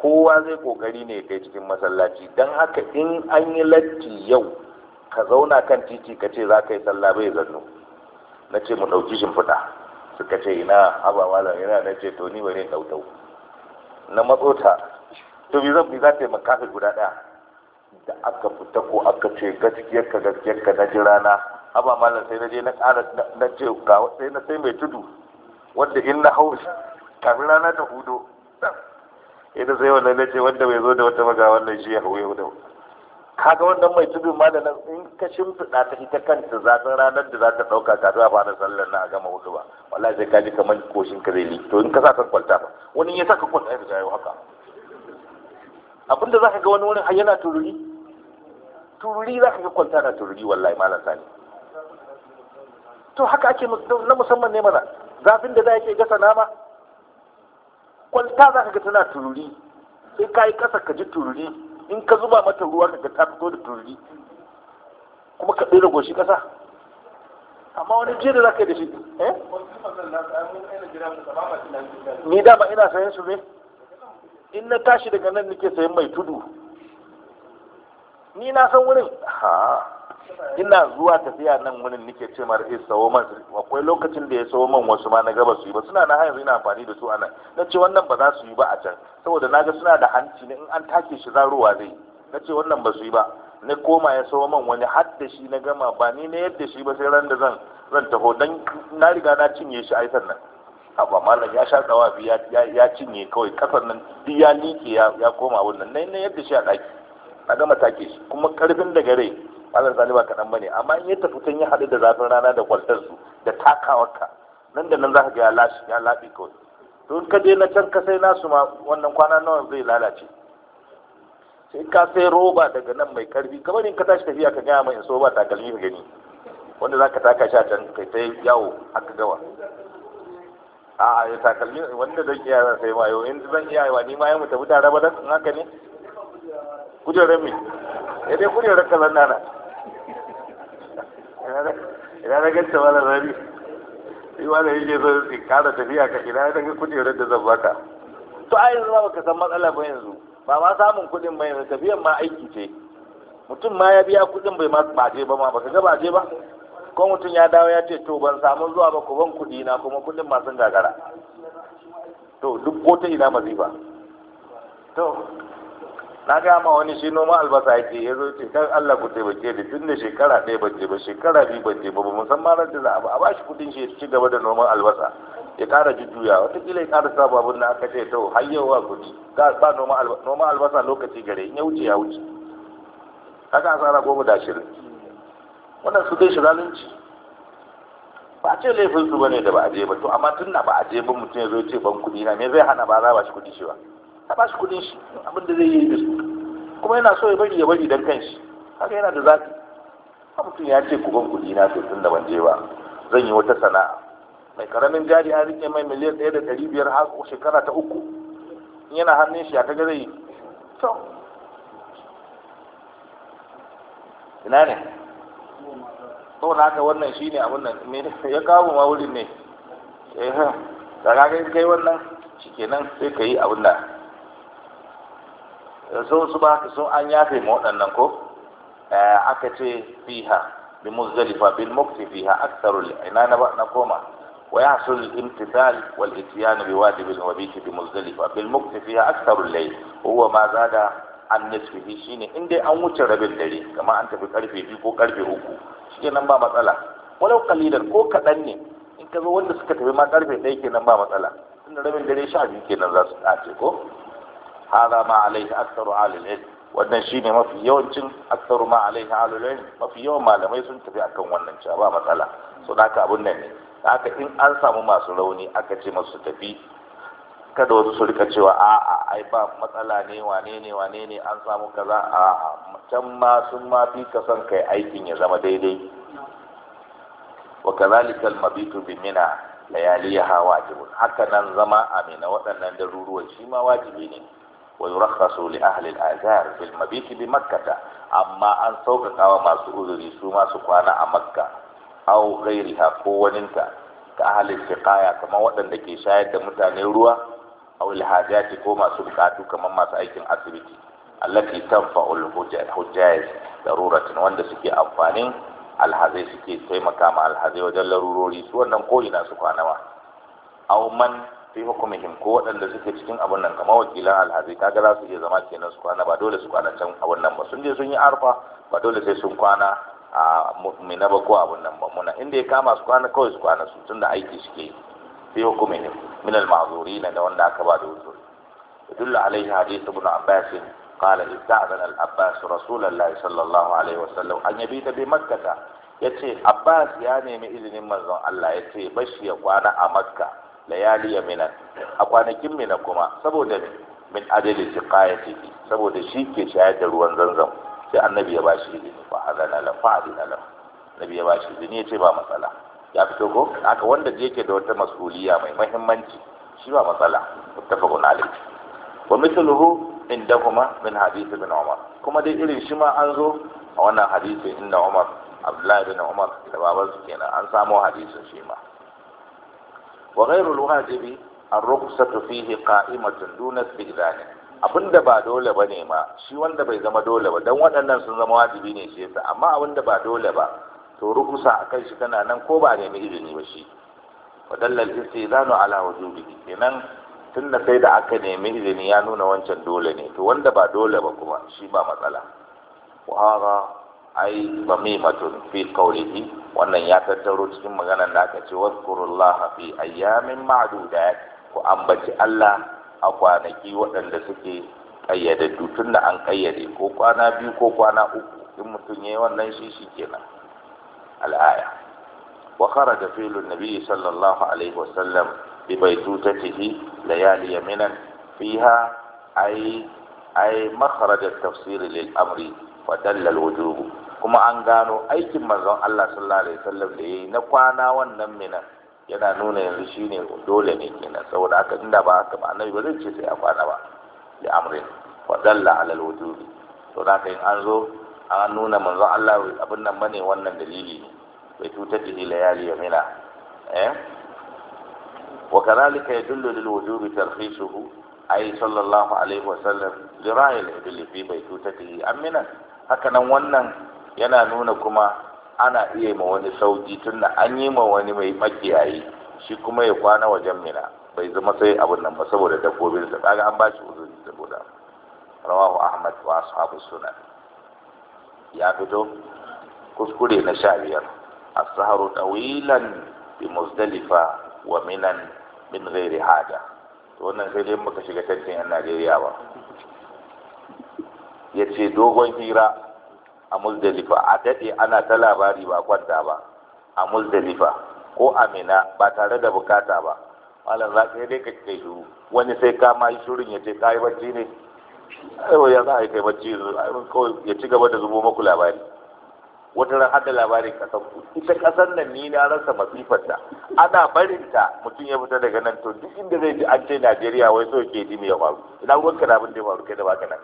kowa zai kokari ne kai cikin masallaci don haka in an yi latti yau ka zauna kan titi ka ce za ka yi sallah bai zanno na ce mu ɗauki shimfiɗa suka ce ina haba malam ina na ce to ni bari in ɗautau na matsota to bi zan bi za ta yi makafi guda ɗaya da aka fita ko aka ce gaskiyar ka gaskiyar ka na ji rana haba malam sai na je na ƙara na ce ga sai na sai mai tudu wanda in na hau kafin rana ta hudo idan sai wannan na ce wanda bai zo da wata maga wannan shi ya hawaye hudu kaga wannan mai tudu ma in ka shimfiɗa ta ita kanta ta ranar da za ta ɗauka ka a fara sallar na a gama hudu ba wallahi sai ka ji kamar koshin ka zai li to in ka sa ka kwalta ba wani ya sa ka kwalta ya yi haka abinda za ka ga wani wani yana tururi tururi za ka ga kwalta na tururi wallahi malam sani to haka ake na musamman ne mana zafin da za a ke gasa nama kwalta za ka ga tana tururi sai ka yi ƙasa ka ji tururi in ka zuba mata ruwa ka ga ta fito da tururi kuma ka ɗora goshi ƙasa amma wani jiya da za ka yi da shi eh? ni dama ina sayan su ne in na tashi daga nan nake sayan mai tudu ni na san wurin ha ina zuwa tafiya nan wani nike ce mar eh sawo man akwai lokacin da ya sawo man wasu ma na gaba su yi ba suna na hanyar ina amfani da su a nan na ce wannan ba za su yi ba a can saboda na ga suna da hanci ne in an take shi ruwa zai na ce wannan ba su yi ba na koma ya sawo man wani har da shi na gama ba ni na yadda shi ba sai ran da zan zan taho dan na riga na cinye shi ai sannan haba malam ya sha tsawa ya cinye kawai kasar nan duk ya like ya koma wannan na yadda shi a daki a gama take shi kuma karfin da gare malar sani ba kaɗan bane amma in ya tafi tun ya haɗu da zafin rana da kwaltarsu da takawarka nan da nan za ka ga ya lashi ya laɓi kawai to in ka je na can ka sai nasu ma wannan kwana nawa zai lalace sai ka sai roba daga nan mai karfi kamar in ka tashi tafiya ka gaya mai so ba takalmi ka gani wanda za ka taka shi a can kai ta yawo aka gawa a ya takalmi wanda zan iya zan sai ma yau in zan iya yawa ni ma ya mutu tare ba dan haka ne kujerar me ya eh dai kujerar kazan nana ina ba ganta wala rani ba da yake zo in kada tafiya ka ina na ga kujerar da zan baka to a yanzu ba ka san matsala ba yanzu ba ma samun kuɗin ba yanzu tafiyan ma aiki ce mutum ma ya biya kuɗin bai ma baje ba ma ba ka ga baje ba ko mutum ya dawo ya ce to ban samu zuwa ba ku ban kuɗi na kuma kuɗin ma sun gagara to duk ko ta ina ba to na ga ma wani shi noma albasa yake ya zo ce kan Allah ku taimake ni tun da shekara ɗaya ban je ba shekara biyu ban je ba ba musamman ran da za a ba shi kuɗin shi ya ci gaba da noman albasa ya ƙara jujjuya watakila ya ƙara sa babun da aka ce to har yau ci ka ba noman albasa lokaci gare in ya wuce ya wuce haka asara goma da shirin wannan su dai shiga zalunci ba ce laifin su ba ne da ba a je ba to amma tun na ba a je ba mutum ya zo ce ban kuɗi na me zai hana ba za ba shi kuɗi shi ba a ba shi kudin shi abin da zai yi da su kuma yana so ya bari ya bari dan kanshi haka yana da zafi a mutum ya ce ku ban kudi na tun da ban je ba zan yi wata sana'a mai karamin jari an rike mai miliyan ɗaya da ɗari biyar har shekara ta uku in yana hannun shi ya ta zai yi to ina ne na haka wannan shine abin nan ya kawo ma wurin ne eh da kaga kai wannan shikenan sai ka yi abin da so su ba ka so an yafe ma waɗannan ko eh, aka ce fiha bi muzdalifa bil mukti fiha aktharul ina na na koma wa yahsul al imtithal wal ityan bi wajib al wabit bi muzdalifa bil mukti fiha aktharul layl huwa ma zada an nisfihi shine in dai an wuce rabin dare kamar an tafi karfe 2 ko karfe uku shikenan ba matsala walau qalilan ko kaɗan ne in ka zo wanda suka tafi ma karfe ɗaya kenan ba matsala tunda rabin dare sha biyu kenan za su dace ko هذا ma عليه aksaru alil العلم wannan shine mafi yawancin aksaru ma alaihi alil mafi yawan malamai sun tafi akan wannan cewa ba matsala so haka abun nan ne haka in an samu masu rauni aka ce masu tafi kada wasu su rika cewa a'a ai ba matsala ne wane ne wane ne an samu kaza a can ma sun ma fi ka son kai aikin ya zama daidai wa kazalika al-mabitu bi mina layaliha wajibun haka nan zama a mina waɗannan daruruwan shi ma wajibi ne wa yurakhasu li ahli al-azar fil mabit bi makkah amma an sauƙaƙawa masu uzuri su masu kwana a makka aw ghairiha ko waninta ka ahli siqaya kamar waɗanda ke shayar da mutane ruwa aw al-hajati ko masu bukatu kamar masu aikin asibiti allati tanfa'u al-hujjaj daruratan wanda suke amfanin alhazai suke taimaka ma alhazai wajen larurori su wannan ko ina su kwana ma aw man fi hukumihim ko waɗanda suke cikin abin nan kamar wakilan alhazi kaga za su iya zama kenan su kwana ba dole su kwana can abin nan ba sun je sun yi arfa ba dole sai sun kwana a mina ba ko abin nan ba muna inda ya kama su kwana kawai su kwana su tunda aiki suke yi fi hukumihim min al na da wanda aka ba da uzuri يدل عليه حديث ابن عباس قال استأذن العباس رسول الله صلى الله عليه وسلم أن يبيت بمكة yace Abbas ya nemi izinin manzon Allah yace bashi ya kwana a Makka layali mina a kwanakin mina kuma saboda min adadin ciki, saboda shi ke shayar da ruwan zanzan sai annabi ya bashi izini fa hadana la fa hadana la annabi ya bashi izini ya ce ba matsala ya fito ko haka wanda ke da wata mas'uliya mai muhimmanci shi ba matsala muttafaqun alayhi wa mithluhu indahuma min hadith ibn umar kuma dai irin shi ma an zo a wannan hadisi inda umar abdullahi bin umar da babansu kenan an samo hadisin shi ma وغير الواجب wajibi فيه قائمة دون qa'imatun duna istidani abinda ba dole bane ma shi wanda bai zama dole ba dan waɗannan sun zama wajibi ne shi yasa amma abinda ba dole ba to rukusa akan shi tana nan ko ba nemi izini ba shi wa dallal istizanu ala wujubi kenan tunda sai da aka nemi izini ya nuna wancan dole ne to wanda ba dole ba kuma shi ba matsala wa ai bamimatun fi qawlihi wannan ya tattaro cikin maganar da aka ce wazkurullaha fi ayyamin ma'dudat ku ambaci Allah a kwanaki waɗanda suke ƙayyade tun da an ƙayyade, ko kwana biyu ko kwana uku in mutum ya yi wannan shi al'aya wa kharaja filun nabiy sallallahu alaihi wasallam bi baitutatihi layali yaminan fiha ai ai makharaj at-tafsir lil amri fadalla wujubu kuma an gano aikin manzon Allah sallallahu alaihi wasallam da yayi na kwana wannan minan yana nuna yanzu shine dole ne kenan saboda haka inda ba haka ba annabi ba zai ce sai a kwana ba da amrin fadalla ala alwujubi to da kai an zo an nuna manzon Allah abin nan bane wannan dalili ne bai cutar da layali ya mina eh yadullu lil wujubi ترخيصه ai sallallahu alaihi wasallam jira'il ibil fi baitutatihi amina haka nan wannan yana nuna kuma ana iya ma wani sauki tunda an yi ma wani mai makiyayi shi kuma ya kwana wajen mina bai zama sai abun nan ba saboda dabbobin sa kaga an bashi uzuri saboda rawahu ahmad wa ashabu sunan ya fito kuskure na sha biyar a saharu tawilan bi muzdalifa wa minan min ghairi haja. wannan sai dai muka shiga tantin yan najeriya ba ya ce dogon hira a muzdalifa a daɗe ana ta labari ba kwanta ba a muzdalifa ko amina ba tare da bukata ba malam za ka dai ka kai shuru wani sai ka ma yi shurin ya ce kayi bacci ne ya za a yi kai bacci ya ci gaba da zubo maku labari wata ran hada labarin kasan ku ita kasar nan ni na rasa ta ana barinta mutum ya fita daga nan to duk inda zai ji an ce Najeriya wai so ke dimi ya faru ina ruwan ka da abin da ya faru kai da baka nan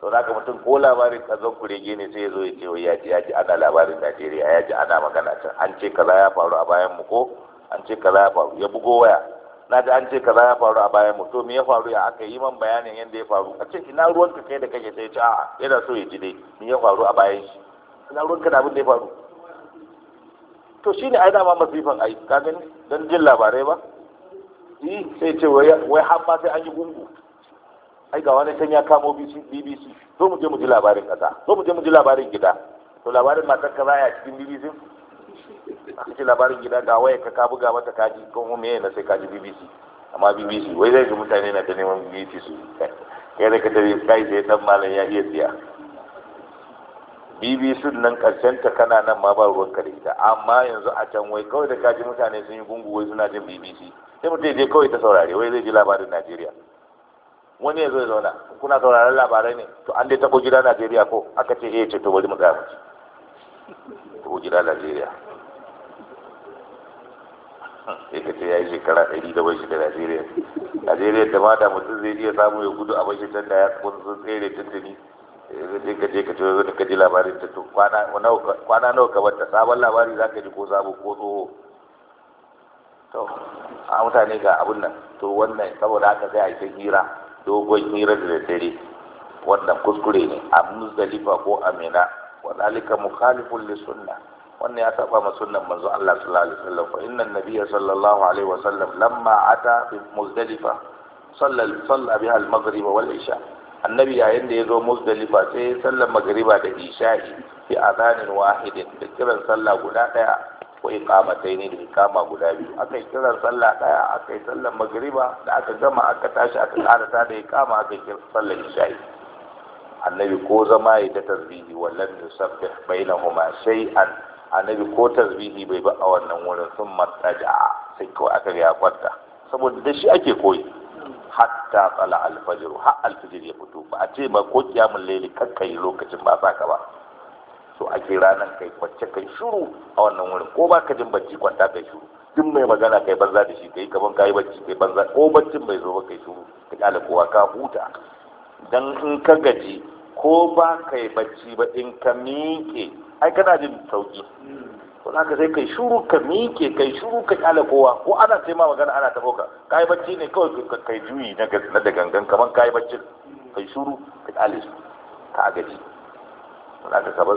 to zaka mutum ko labarin ka ku rege ne sai ya zo ya ce wai ya ji ya ji ana labarin Najeriya ya ji ana magana can an ce kaza ya faru a bayan mu ko an ce kaza ya faru ya bugo waya na ji an ce kaza ya faru a bayan mu to me ya faru ya aka yi man bayanin yadda ya faru a ce ina ruwan ka kai da kake sai ya ce a'a yana so ya ji dai me ya faru a bayan shi na ruwanka da abin da ya faru to shi ne ai dama masifan ai ka gani don jin labarai ba yi sai ce wai har ma sai an yi gungu ai ga wani can ya kamo bbc zo mu je mu ji labarin kasa zo mu je mu ji labarin gida to labarin matar ka zaya cikin bbc a cikin labarin gida ga waya ka kabu ga mata kaji kan hume na sai kaji bbc amma bbc wai zai ga mutane na ta neman bbc su kai da ka tare kai sai dan malam ya iya tsiya bbc nan karshen ta kana nan ma ba ruwan kare ita amma yanzu a can wai kawai da kaji mutane sun yi gungu wai suna jin bbc sai mutum je kawai ta saurare wai zai ji labarin najeriya wani ya zo ya zauna kuna sauraron labarai ne to an dai ko gida najeriya ko aka ce eh ce to bari mu tsaya muci taɓo gida najeriya sai ka ce ya yi shekara ɗari da bai shi da najeriya najeriya da mata mutum zai iya samu ya gudu a bai shi can da ya kuma sun tsere tuntuni je ka je ka to ka ji labarin ta kwana kwana nawa ka bar ta sabon labari ka ji ko sabo ko tsoho to a mutane ga abun nan to wannan saboda haka sai a yi ta hira dogon hira da daddare wannan kuskure ne a muzdalifa ko amina wa zalika mukhalifun li sunna wannan ya saba ma sunnan manzo Allah sallallahu alaihi wasallam fa inna nabiyya sallallahu alaihi wasallam lamma ata bi muzdalifa sallal salla al-maghrib wal isha annabi yayin da ya zo musdalifa sai ya sallar magariba da isha'i fi azanin wahidin da kiran sallah guda daya ko iqamatai da iqama guda biyu aka yi kiran sallah daya aka sallar magariba da aka gama aka tashi aka karata da iqama aka yi sallar isha'i annabi ko zama ya ta tasbihi wallan yusabbih bainahuma shay'an annabi ko tasbihi bai ba a wannan wurin sun mataja sai kawai aka ga ya kwanta saboda da shi ake koyi hatta tsala alfajir har alfajir ya fito ba a ce ba ko kiyamun laili kakka yi lokacin ba sa ka ba so ake ranar kai kwacce kai shuru a wannan wurin ko ba ka jin bacci kwanta kai shuru duk mai magana kai banza da shi kai kaman kai bacci kai banza ko baccin bai zo ba kai shuru ka kala kowa ka huta dan in ka gaji ko ba kai bacci ba in ka miƙe ai kana jin sauki to ka sai kai shuru ka miƙe kai shuru ka kyale kowa ko ana sai ma magana ana tafoka ka yi bacci ne kawai kai juyi na da gangan kaman yi bacci kai shuru ka kyale su ka agaji. to ka bar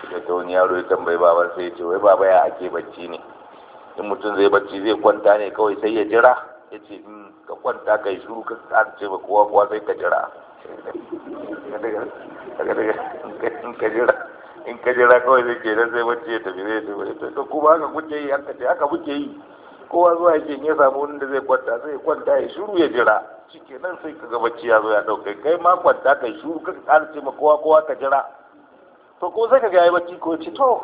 su da ta wani yaro ya tambayi baban sai ya ce wai baba ya ake bacci ne in mutum zai bacci zai kwanta ne kawai sai ya jira ya ce in mm, ka kwanta kai shuru ka ce ba kowa kowa sai ka jira ka jira in ka jira kawai zai ke nan zai bacci ya tafi zai tafi to tafi kuma haka kuke yi haka ce haka kuke yi kowa zuwa yake ya samu wani da zai kwanta sai kwanta ya shuru ya jira nan sai ka gaba bacci ya zo ya dauke kai ma kwanta kai shuru. ka ƙara ce ma kowa kowa ka jira to ko sai ka ga yayi bacci ko ce to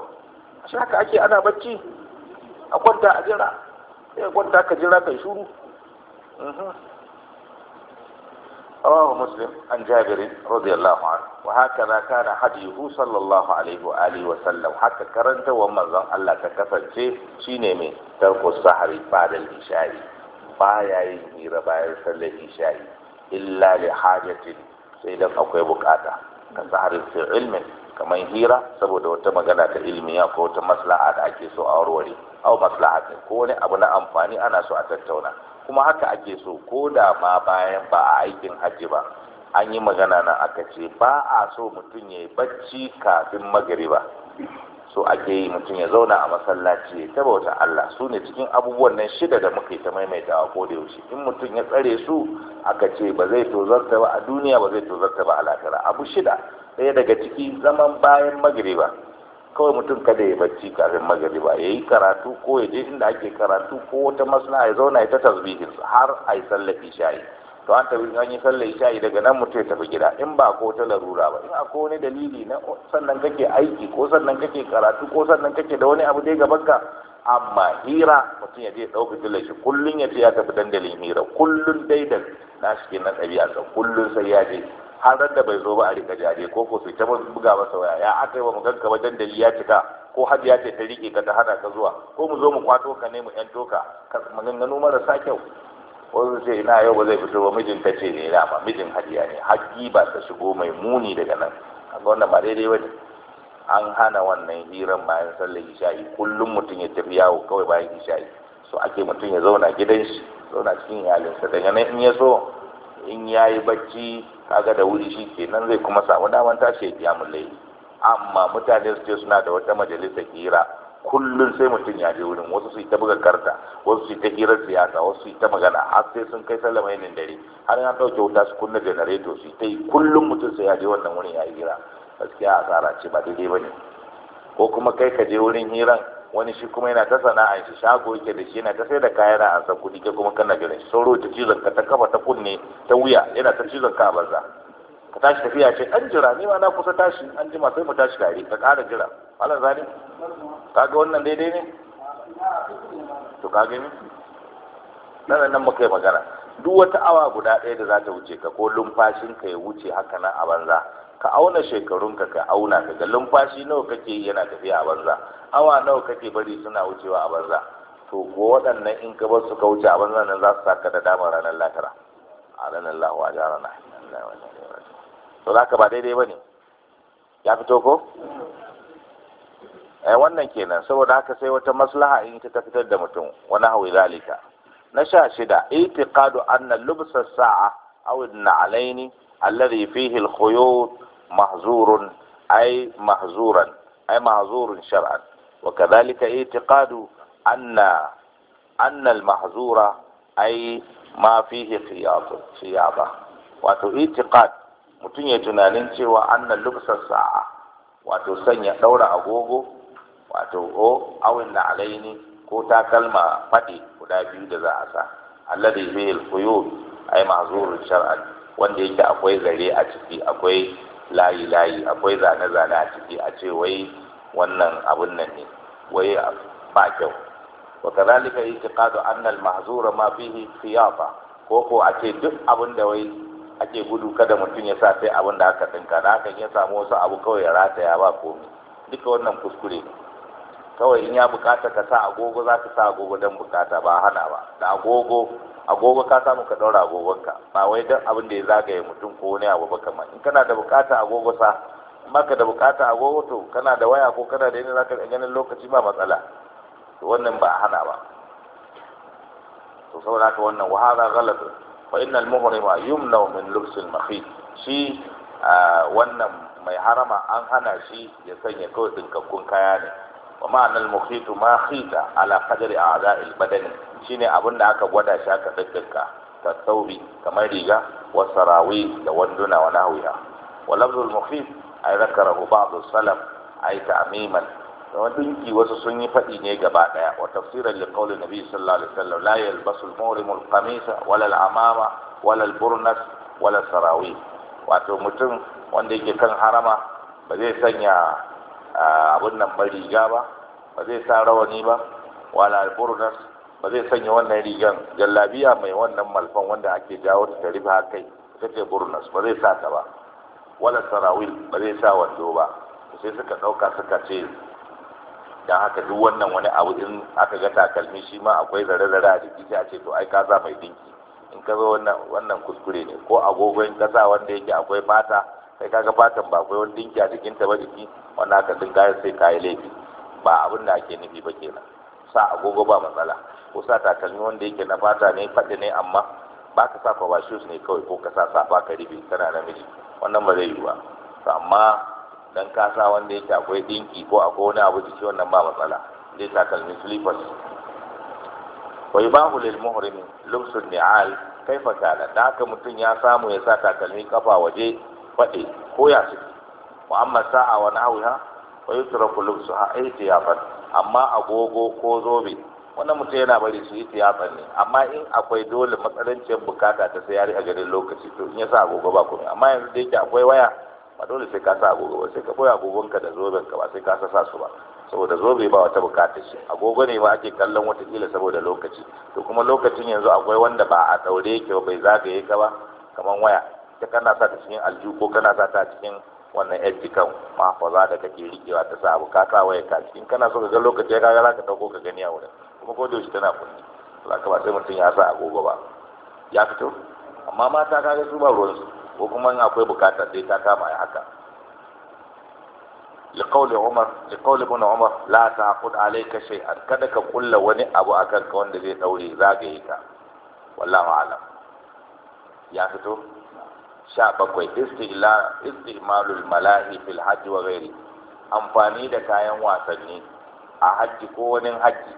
shi haka ake ana bacci a kwanta a jira sai kwanta ka jira kai shuru. Mhm. رواه مسلم عن جابر رضي الله عنه وهكذا كان هديه صلى الله عليه وآله وسلم حتى كرنت ومزن الله تكفل شيء شيني ترك السحر بعد العشاء بايا يهير بايا يصلي العشاء إلا لحاجة سيدا أقوي بكاتا كسحر في علم kamar hira saboda wata magana ta ilmiya ko wata maslaha da ake so a warware au maslaha ko wani abu na amfani ana so a tattauna kuma haka ake so ko da ma bayan ba a aikin hajji ba an yi magana na aka ce ba a so mutum ya yi bacci kafin magariba so ake yi mutum ya zauna a masallaci ya taba wata Allah su ne cikin abubuwan nan shida da muka yi ta maimaitawa ko da yaushe in mutum ya tsare su aka ce ba zai tozarta ba a duniya ba zai tozarta ba a lahira abu shida ɗaya daga ciki zaman bayan magriba kawai mutum kada ya bacci kafin magriba ya yi karatu ko ya je inda ake karatu ko wata masana ya zauna ya ta tasbihin har a yi sallafi shayi to an tafi an yi sallafi shayi daga nan mutum ya tafi gida in ba ko ta larura ba in akwai wani dalili na sannan kake aiki ko sannan kake karatu ko sannan kake da wani abu dai gaban ka amma hira mutum ya je ɗauka dillar shi kullum ya ce ya tafi dandalin hira kullum dai da na shi kenan ɗabi'a kullum sai ya je har ran da bai zo ba a rika jare ko ko su ta buga masa waya ya aka yi wa maganka ba dandali ya cika ko ya ce ta rike ka ta hada ka zuwa ko mu zo mu kwato ka ne mu yan toka ka maganganu marasa kyau wasu ce ina yau ba zai fito ba mijin ta ce ne na ba mijin hajiya ne haƙƙi ba ta shigo mai muni daga nan kaga wannan ba daidai bane an hana wannan hiran bayan sallar isha'i kullum mutum ya tafi yawo kawai bayan isha'i so ake mutum ya zauna gidan shi zauna cikin iyalinsa daga nan in ya so in ya yi bacci kaga da wuri shi ke nan zai kuma samu daman tashi ya kiyamu mulai amma mutane su ce suna da wata majalisa hira kullum sai mutum ya je wurin wasu su yi ta buga karta wasu su yi ta hirar siyasa wasu su yi ta magana har sai sun kai sallama yanin dare har ya ɗauke wuta su kunna janareto su ta yi kullum mutum sai ya je wannan wurin ya yi hira gaskiya asara ce ba daidai ba ne ko kuma kai ka je wurin hiran wani shi kuma yana ta sana'a shi shago yake da shi yana ta sai da kaya na ansa kuɗi ke kuma kana shi. sauro ta cizon ka ta kafa ta kunne ta wuya yana ta cizon ka a banza ka tashi tafiya ce an jira ni ma na kusa tashi an jima sai mu tashi gari ka ƙara jira malam zani kaga wannan daidai ne to ka gani nan nan muka yi magana duk wata awa guda ɗaya da za ta wuce ka ko lumfashin ka ya wuce haka nan a banza ka auna shekarunka ka auna ka ga lumfashi nawa kake yana tafiya a banza awa nawa kake bari suna wucewa a banza to ko waɗannan in ka bar su ka wuce a banza nan za su saka da damar ranar latara a ranar lahu a na to za ka ba daidai ba ne ya fito ko ai eh, wannan kenan saboda haka sai wata maslaha in ta fitar da mutum wani hawi zalika na sha shida itiqadu anna lubsa sa'a aw an-na'alaini alladhi fihi al-khuyut mahzurun ai mahzuran ai mahzurun shar'an wa kadhalika i'tiqadu anna anna al-mahzura ai ma fihi khiyaba wato i'tiqad mutum ya tunanin cewa anna lubsa sa'a wato sanya daura agogo wato o awin na alaini ko takalma faɗi guda biyu da za a sa alladhi fihi al-quyud ai mahzurun shar'an wanda yake akwai zare a ciki akwai layi layi akwai zane zane a ciki a ce wai wannan abun nan ne wai ba kyau wa kadhalika i'tiqadu anna al-mahzura ma fihi khiyafa ko ko a ce duk abin da wai ake gudu kada mutum ya sa sai abin da aka tsinka da hakan ya samu wasu abu kawai ya rataya ba komi duka wannan kuskure kawai in ya bukata ka sa agogo za ka sa agogo don bukata ba hana ba da agogo agogo ka samu ka ɗaura agogonka ba wai don abin da ya zagaye mutum ko wani abu ba kamar in kana da bukata agogo sa in baka da bukata agogo to kana da waya ko kana da yadda za ka ganin lokaci ba matsala to wannan ba hana ba to saboda haka wannan wahala ghalab fa innal muhrima yumna min lubsil makhit shi ah, wannan mai harama an hana shi ya sanya kawai dinkakkun kaya ne wa ma'anar muhitu ma khita ala qadri badani shine abin da aka gwada shi aka daddaka ta tsauri kamar riga wa da wanduna wa nahwiha wa lafzul muhit ay zakarahu ba'd salaf ay ta'miman don dinki wasu sun yi faɗi ne gaba ɗaya wa tafsiran li qawli nabi sallallahu alaihi wasallam la yalbasu al amama Walar burnas wala sarawi wato mutum wanda yake kan harama ba zai sanya abin nan ba riga ba ba zai sa rawani ba wala alburnas ba zai sanya wannan rigan jallabiya mai wannan malfan wanda ake jawo ta ta rufe kai ita ce burnas ba zai sa ta ba wala sarawil ba zai sa wando ba sai suka ɗauka suka ce dan haka duk wannan wani abu in aka ga takalmi shi ma akwai zare-zare a jiki a ce to ai ka sa mai dinki in ka zo wannan kuskure ne ko agogon kasa wanda yake akwai fata sai kaga fatan ba kai wani dinki a jikin ta ba jiki wanda aka dinka sai kayi laifi ba abin da ake nufi ba kenan sa agogo ba matsala ko sa takalmi wanda yake na fata ne faɗi ne amma ba ka sa kwaba shoes ne kawai ko ka sa safa ka ribi, kana namiji wannan ba zai yi ba amma dan ka sa wanda yake akwai dinki ko akwai wani abu jiki wannan ba matsala dai takalmi slippers wa yubahu lil muhrimi lubsu ni'al kaifa kana da haka mutum ya samu ya sa takalmi kafa waje faɗe ko ya suke wa amma sa'a wa nahwiha wa yutraku lubsuha ya tiyafan amma agogo ko zobe wannan mutum yana bari su yi tiyafan ne amma in akwai dole matsalancin bukata ta sai yari a garin lokaci to in ya sa agogo ba ne? amma yanzu da yake akwai waya ba dole sai ka sa agogo ba sai ka boye agogonka da zobenka ba sai ka sa su ba saboda zobe ba wata bukata shi agogo ne ba ake kallon watakila saboda lokaci to kuma lokacin yanzu akwai wanda ba a daure yake ba bai zagaye ka ba kamar waya ta kana sa ta cikin aljihu ko kana sa ta cikin wannan yan jikan mahafaza da kake rikewa ta sa abu ka sa waya ka cikin kana so ka ga lokaci ya kaga ka dauko ka gani a wurin kuma ko da shi tana kunni za ka ba sai mutum ya sa agogo ba ya fito amma mata kaga su ba su. ko kuma in akwai bukata sai ta kama ya haka لقول عمر لقول ابن عمر لا تعقد عليك شيئا kada ka kulla wani abu akan ka wanda zai daure zagaye ka wallahu alam ya fito sha bakwai istimalul mala'i fil hajji wa gairi amfani da kayan wasanni a hajji ko wani hajji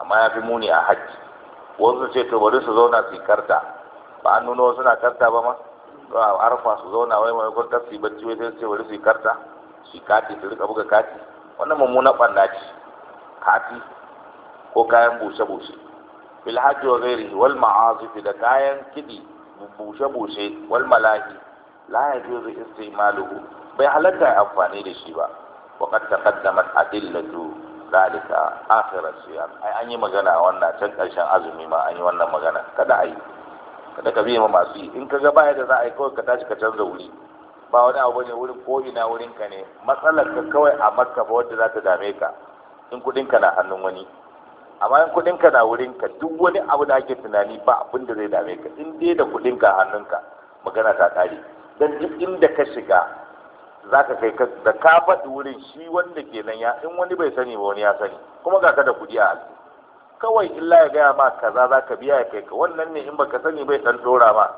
amma ya fi muni a hajji wasu ce to bari su zauna su karta ba an nuno suna karta ba ma to a arfa su zauna wai mai kwanta su bacci wai sai su ce bari su karta su kati su rika buga kati wannan mummunan ɓanna ce kati ko kayan bushe-bushe fil hajji wa gairi wal ma'azifi da kayan kiɗi bushe-bushe wal malahi la yajuzu istimaluhu bai halatta amfani da shi ba وقد تقدمت أدلة ذلك آخر الصيام أي أني مغنى wannan can, أزمي azumi ma. An yi wannan magana, kada Kada ka biye ma masu yi in ka ga baya da za a yi kawai ka tashi ka canza wuri ba wani abu bane wurin ko ina wurin ka ne matsalar ka kawai a makka ba wanda za ta dame ka in kudin ka na hannun wani amma in kudin ka na wurin ka duk wani abu da ake tunani ba abin da zai dame ka in dai da kudin ka hannunka magana ta kare dan duk inda ka shiga zaka kai ka da ka faɗi wurin shi wanda ke nan ya in wani bai sani ba wani ya sani kuma ga ka da kuɗi a hannu kawai illa ya gaya ma kaza za ka biya ya kai ka wannan ne in baka sani bai dan dora ma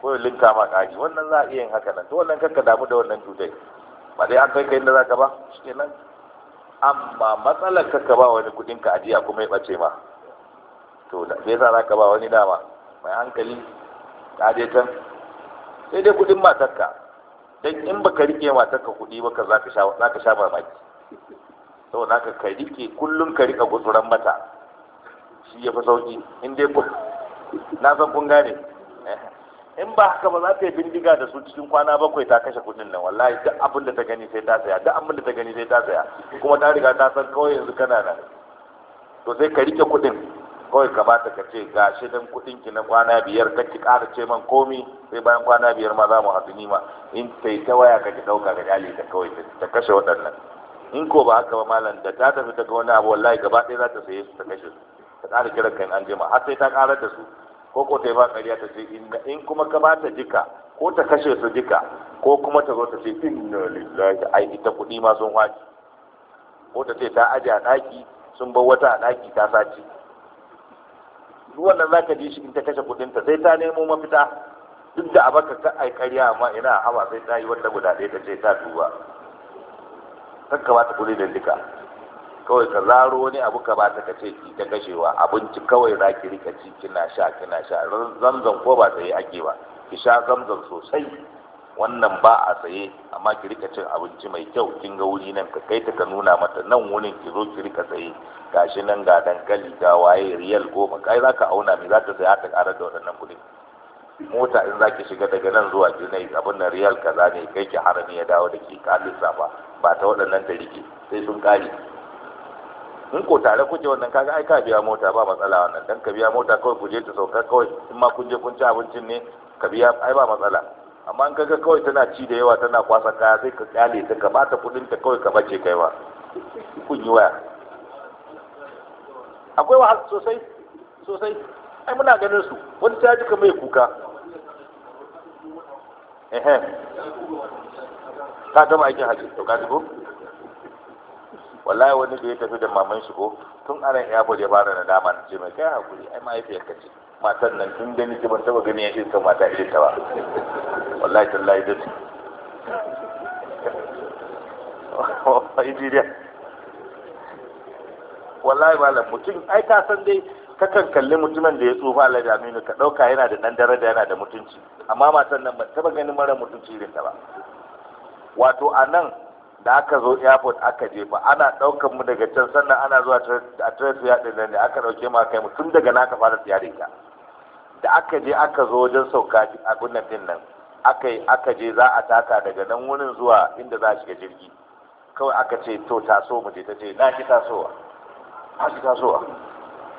ko ya linka ma kaji. wannan za a iya yin haka nan to wannan ka damu da wannan cutai ba dai an kai ka inda za ka ba shikenan amma matsalar ka ba wani kudin ka ajiya kuma ya bace ma to da zai sa ka ba wani dama mai hankali ka je can sai dai kudin matarka dan in baka rike matarka kudi ba ka zaka sha zaka sha mamaki to haka ka rike kullum ka rika gutsuran mata shi ya fi sauki in dai na san kun gane eh. in ba haka ba za ta yi bindiga da su cikin kwana bakwai ta kashe kudin nan wallahi duk abin da ta gani sai ta saya duk abin da ta gani sai ta saya kuma ta riga ta san kawai yanzu kana nan to sai ka rike kudin kawai ka ta ka ce ga shi dan kudin ki na kwana biyar ka ki ƙara ce man komi sai bayan kwana biyar ma za mu haɗu nima in ta yi ta waya ka ki ɗauka ga dali ta kawai ta kashe waɗannan in ko ba haka ba malam da ta tafi ta ga wani abu wallahi gaba ɗaya za ta saye su ta kashe su ta ƙara kiran kan an jima har sai ta ƙara da su ko ko ta ba ƙarya ta ce inna in kuma ka ba ta jika ko ta kashe su jika ko kuma ta zo ta ce inna lillahi ai ita kuɗi ma sun haji ko ta ce ta aje a ɗaki sun bar wata a ɗaki ta sace." duk wannan za ka ji shi in ta kashe ta, sai ta nemo mafita duk da abaka ka ai ƙarya amma ina hawa sai ta yi wata guda ɗaya ta ce ta duba ka ba ta kuɗi da jika kawai ka zaro wani abu ka ba ta kace ki ta kashewa abinci kawai za ki rika ci kina sha kina sha zamzam ko ba tsaye ake ba ki sha zamzam sosai wannan ba a tsaye amma ki rika cin abinci mai kyau kin ga wuri nan ka kai ta ka nuna mata nan wurin ki zo ki rika tsaye gashi nan ga dankali ga waye riyal goma kai za ka auna me za ta saya ta ƙara da waɗannan kuɗi mota in za ki shiga daga nan zuwa junai abin nan riyal kaza ne kai ki harami ya dawo da ke kalisa lissafa ba ta waɗannan ta rike sai sun ƙare in ko tare kuke wannan kaga ai ka biya mota ba matsala wannan dan ka biya mota kawai kuje ta sauka kawai in ma kun je kun ci abincin ne ka biya ai ba matsala amma in kaga kawai tana ci da yawa tana kwasa kaya sai ka kyale ta ka bata kudin ta kawai ka bace kai ba kun yi waya akwai wahala sosai sosai ai muna ganin su wani ta ji kamar kuka ehem ka gama aikin hajji to ka ji ko wallahi wani da ya tafi da maman shi ko tun ana ya bude bara na dama na ce mai kai hakuri ai mahaifiyar ka ce matan nan tun da nake ban taba gani ya ta mata irin ta ba wallahi tallahi da Nigeria wallahi malam mutum ai ka san dai kakan kalli mutumin da ya tsufa Alhaji Aminu ka dauka yana da dan daraja yana da mutunci amma matan nan ban taba ganin mara mutunci irin ta ba wato a nan da aka zo airport aka jefa ana ɗaukan mu daga can sannan ana zuwa a trace ya ɗin ne aka ɗauke mu kai mu tun daga naka fara tsiyarin ka da aka je aka zo wajen sauka a gunnan din nan aka yi aka je za a taka daga nan wurin zuwa inda za a shiga jirgi kawai aka ce to taso mu je ta ce na ki tasowa na ki tasowa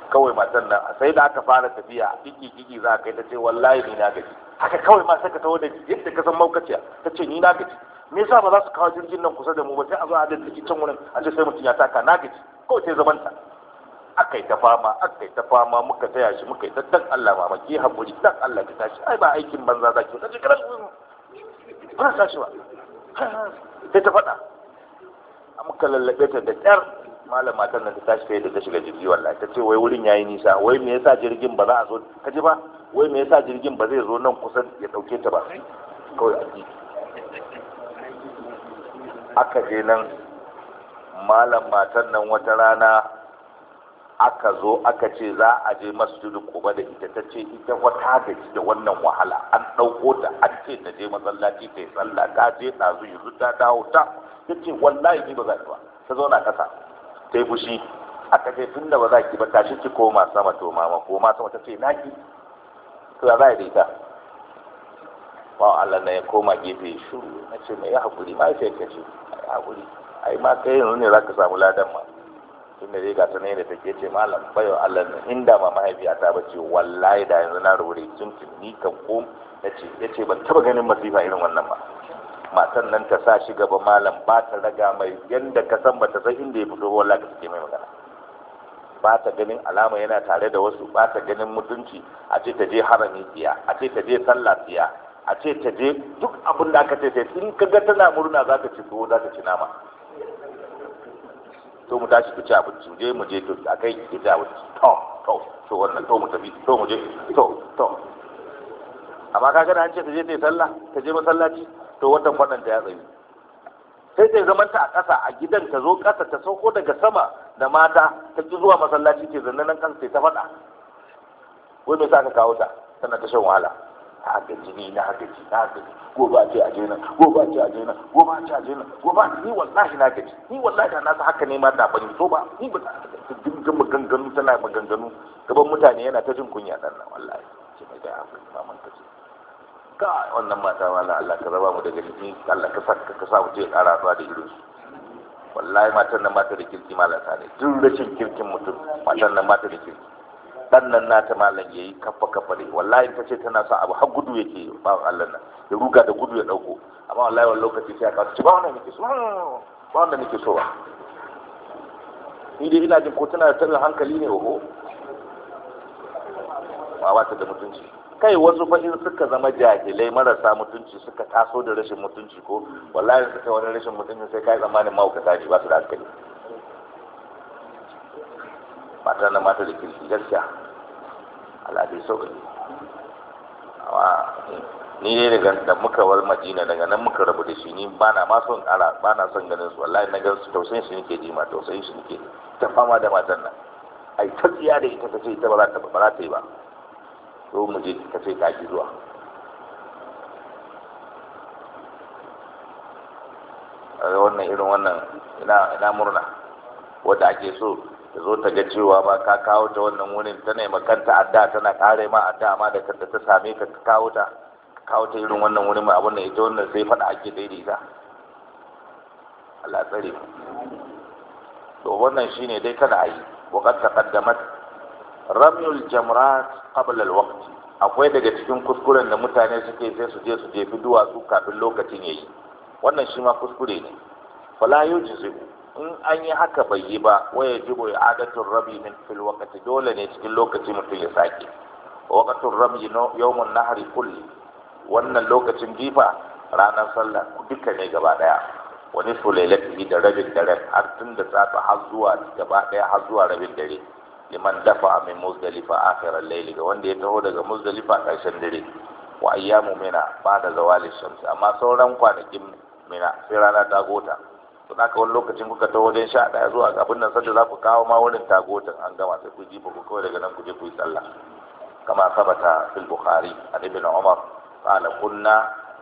kawai matan nan sai da aka fara tafiya kiki kiki za a kai ta ce wallahi ni na gaji haka kawai ma sai ka taho da yadda ka san maukaciya ta ce ni na gaji me yasa ba za su kawo jirgin nan kusa da mu ba sai a zo a dace can wurin a ce sai mutum ya taka na gaji kawai sai zaman ta aka yi ta fama aka yi ta fama muka taya shi muka yi ta dan Allah ba maki hakuri dan Allah ki tashi ai ba aikin banza zaki ta ji karas ba tashi ba sai ta faɗa muka lallabe ta da ƙyar malam matan nan ta tashi kai da ta shiga jirgi wallahi ta ce wai wurin yayi nisa wai me yasa jirgin ba za a zo ka ji ba wai me yasa jirgin ba zai zo nan kusa ya dauke ta ba kawai a aka je nan malam matan nan wata rana aka zo aka ce za a je masjidu kuma da ita ta ce ita wata gaji da wannan wahala an ɗauko ta an ce ta je masallaci ta yi sallah ta je ɗazu yanzu ta dawo ta ta ce wallahi ni ba za ki ba ta zauna ƙasa ta yi fushi aka ce tun da ba za ki ba tashi ki koma sama to mama ma sama ta ce ki to za za yi ta ba Allah na ya koma gefe shuru na ce mai haƙuri ma ya ce haƙuri ai ma kai yanzu ne za ka samu ladan ma tunda dai ga sanai da take ce malam bayo Allah ne inda ma mahaifiya ta bace wallahi da yanzu na rure tun ni kan ko nace yace ban taba ganin masifa irin wannan ba matan nan ta sa shi gaba malam ba ta raga mai yanda ka san ba ta san inda ya fito ba wallahi ka take mai magana ba ta ganin alama yana tare da wasu ba ta ganin mutunci a ce ta je harami biya a ce ta je sallah biya a ce ta je duk abin da aka ce ta in ka ga tana murna za ka ci tuwo za ka ci nama to mu tashi ku ci abinci mu je mu je to a kai ki ci abinci to to to wannan to mu tafi to mu je to to amma ka gana an ce ta je ta yi sallah ta je masallaci to watan faɗan ta ya tsayi sai ta zaman ta a ƙasa a gidan ta zo ƙasa ta sauko daga sama da mata ta ki zuwa masallaci ke zannanan nan kansa ta faɗa wai me sa ka kawo ta tana ta shan wahala na haka jini na haka ji na haka ji gobe a ce a je gobe a ce a je gobe a ce a je gobe a ni wallahi na gaji ni wallahi da na sa haka ne ma da ban so ba ni ba dinga maganganu tana maganganu gaban mutane yana ta jin kunya dan nan wallahi ce mai da haka maman ta ce ka wannan mata wala Allah ka raba mu daga cikin Allah ka sa ka sa mutum ya ƙara zuwa da irin su wallahi matan nan mata da kirki malata ne duk rashin kirkin mutum matan nan mata da kirki dan nan nata malam yayi kafa kafa ne wallahi ta ce tana sa abu har gudu yake ba Allah nan ya ruga da gudu ya dauko amma wallahi wani lokaci sai aka ci ba wannan nake so ba wannan nake so ba ni dai ina jin ko tana da tarin hankali ne oho ba ba ta da mutunci kai wasu fa in suka zama jahilai marasa mutunci suka taso da rashin mutunci ko wallahi suka wani rashin mutunci sai kai zamanin mahaukata ne ba su da hankali mata na mata da kirki gaskiya Allah bai so gani ni dai daga da muka wal Madina daga nan muka rabu da shi ni ba na ma son ƙara ba na son ganin su wallahi na gan su tausayin shi nake ji ma tausayin shi nake ta fama da matan nan ai ta tsiya da ita tace ita ba za ta ba za ta yi ba to mu je ka ce ka ji zuwa wannan irin wannan ina ina murna wanda ake so ta zo ta ga cewa ba ka kawo ta wannan wurin ta nema kanta adda tana kare ma adda amma da kanta ta same ka ka kawo ta kawo ta irin wannan wurin mai abin da ita wannan sai faɗa ake daidaita Allah tsare to wannan shine dai kada ayi. yi wa qad taqaddamat ramyul jamrat qabla alwaqt akwai daga cikin kuskuren da mutane suke sai su je su jefi duwatsu kafin lokacin yayi wannan shi ma kuskure ne fala yujizu in an yi haka bai yi ba waya jibo ya adatun rabi min fil wakati dole ne cikin lokaci mutum ya sake wakatun rabi yawmun nahari kulli wannan lokacin jifa ranar sallah duka ne gaba daya wani sulailatihi da rabin dare har tun da tsatsa har zuwa gaba daya har zuwa rabin dare liman dafa min muzdalifa akhiral laili, ga wanda ya taho daga muzdalifa karshen dare wa ayyamu mina ba da zawalin shamsi amma sauran kwanakin mina sai rana ta gota to ka wani lokacin kuka ta wajen sha ɗaya zuwa abin nan sanda za ku kawo ma wurin tagotin an gama sai ku ji ba ku kawai daga nan ku je ku yi sallah kama sabata fil bukhari an ibn umar qala kunna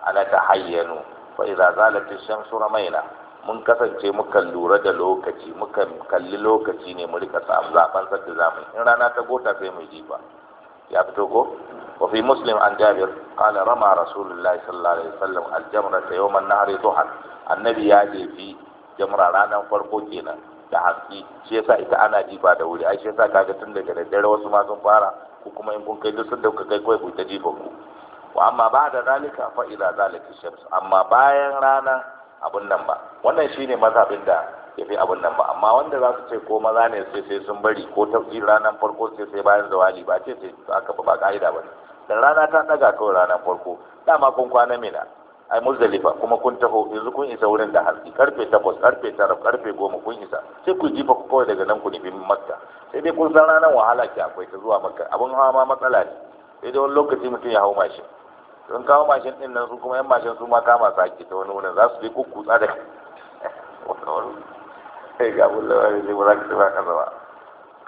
ala tahayyanu fa idza zalat ash-shamsu ramaina mun kasance muka lura da lokaci Muka kalli lokaci ne mu rika samu zaben sadda zamu in rana ta gota sai mu ji ba ya fito ko wa fi muslim an jabir qala rama rasulullahi sallallahu alaihi wasallam al-jamrata yawm an-nahri duhan annabi ya jefi jamra ranar farko kenan da hanki shi yasa ita ana ba da wuri ai shi yasa kaga tun daga daddare wasu ma sun fara ko kuma in kun kai duk sun da kuka kai ku ta diba ku wa amma ba da zalika fa ila zalika shams amma bayan ranar abun nan ba wannan shine mazhabin da yafi fi abun nan ba amma wanda za su ce ko maza ne sai sai sun bari ko tafsir ranar farko sai sai bayan zawali ba ce sai aka ba ka'ida ba ne da rana ta daga kawai ranar farko dama kun kwana mina a muzdalifa kuma kun taho yanzu kun isa wurin da haske karfe takwas karfe tara karfe goma kun isa sai ku jifa ku kawai daga nan ku nufi makka sai dai kun san ranar wahala ke akwai ta zuwa makka abin hawa ma matsala ne sai dai wani lokaci mutum ya hau mashin sun kawo mashin din nan su kuma yan mashin su ma kama su ake ta wani wurin za su dai kukkutsa da kai ga abin da wani ba za ka tafi kaza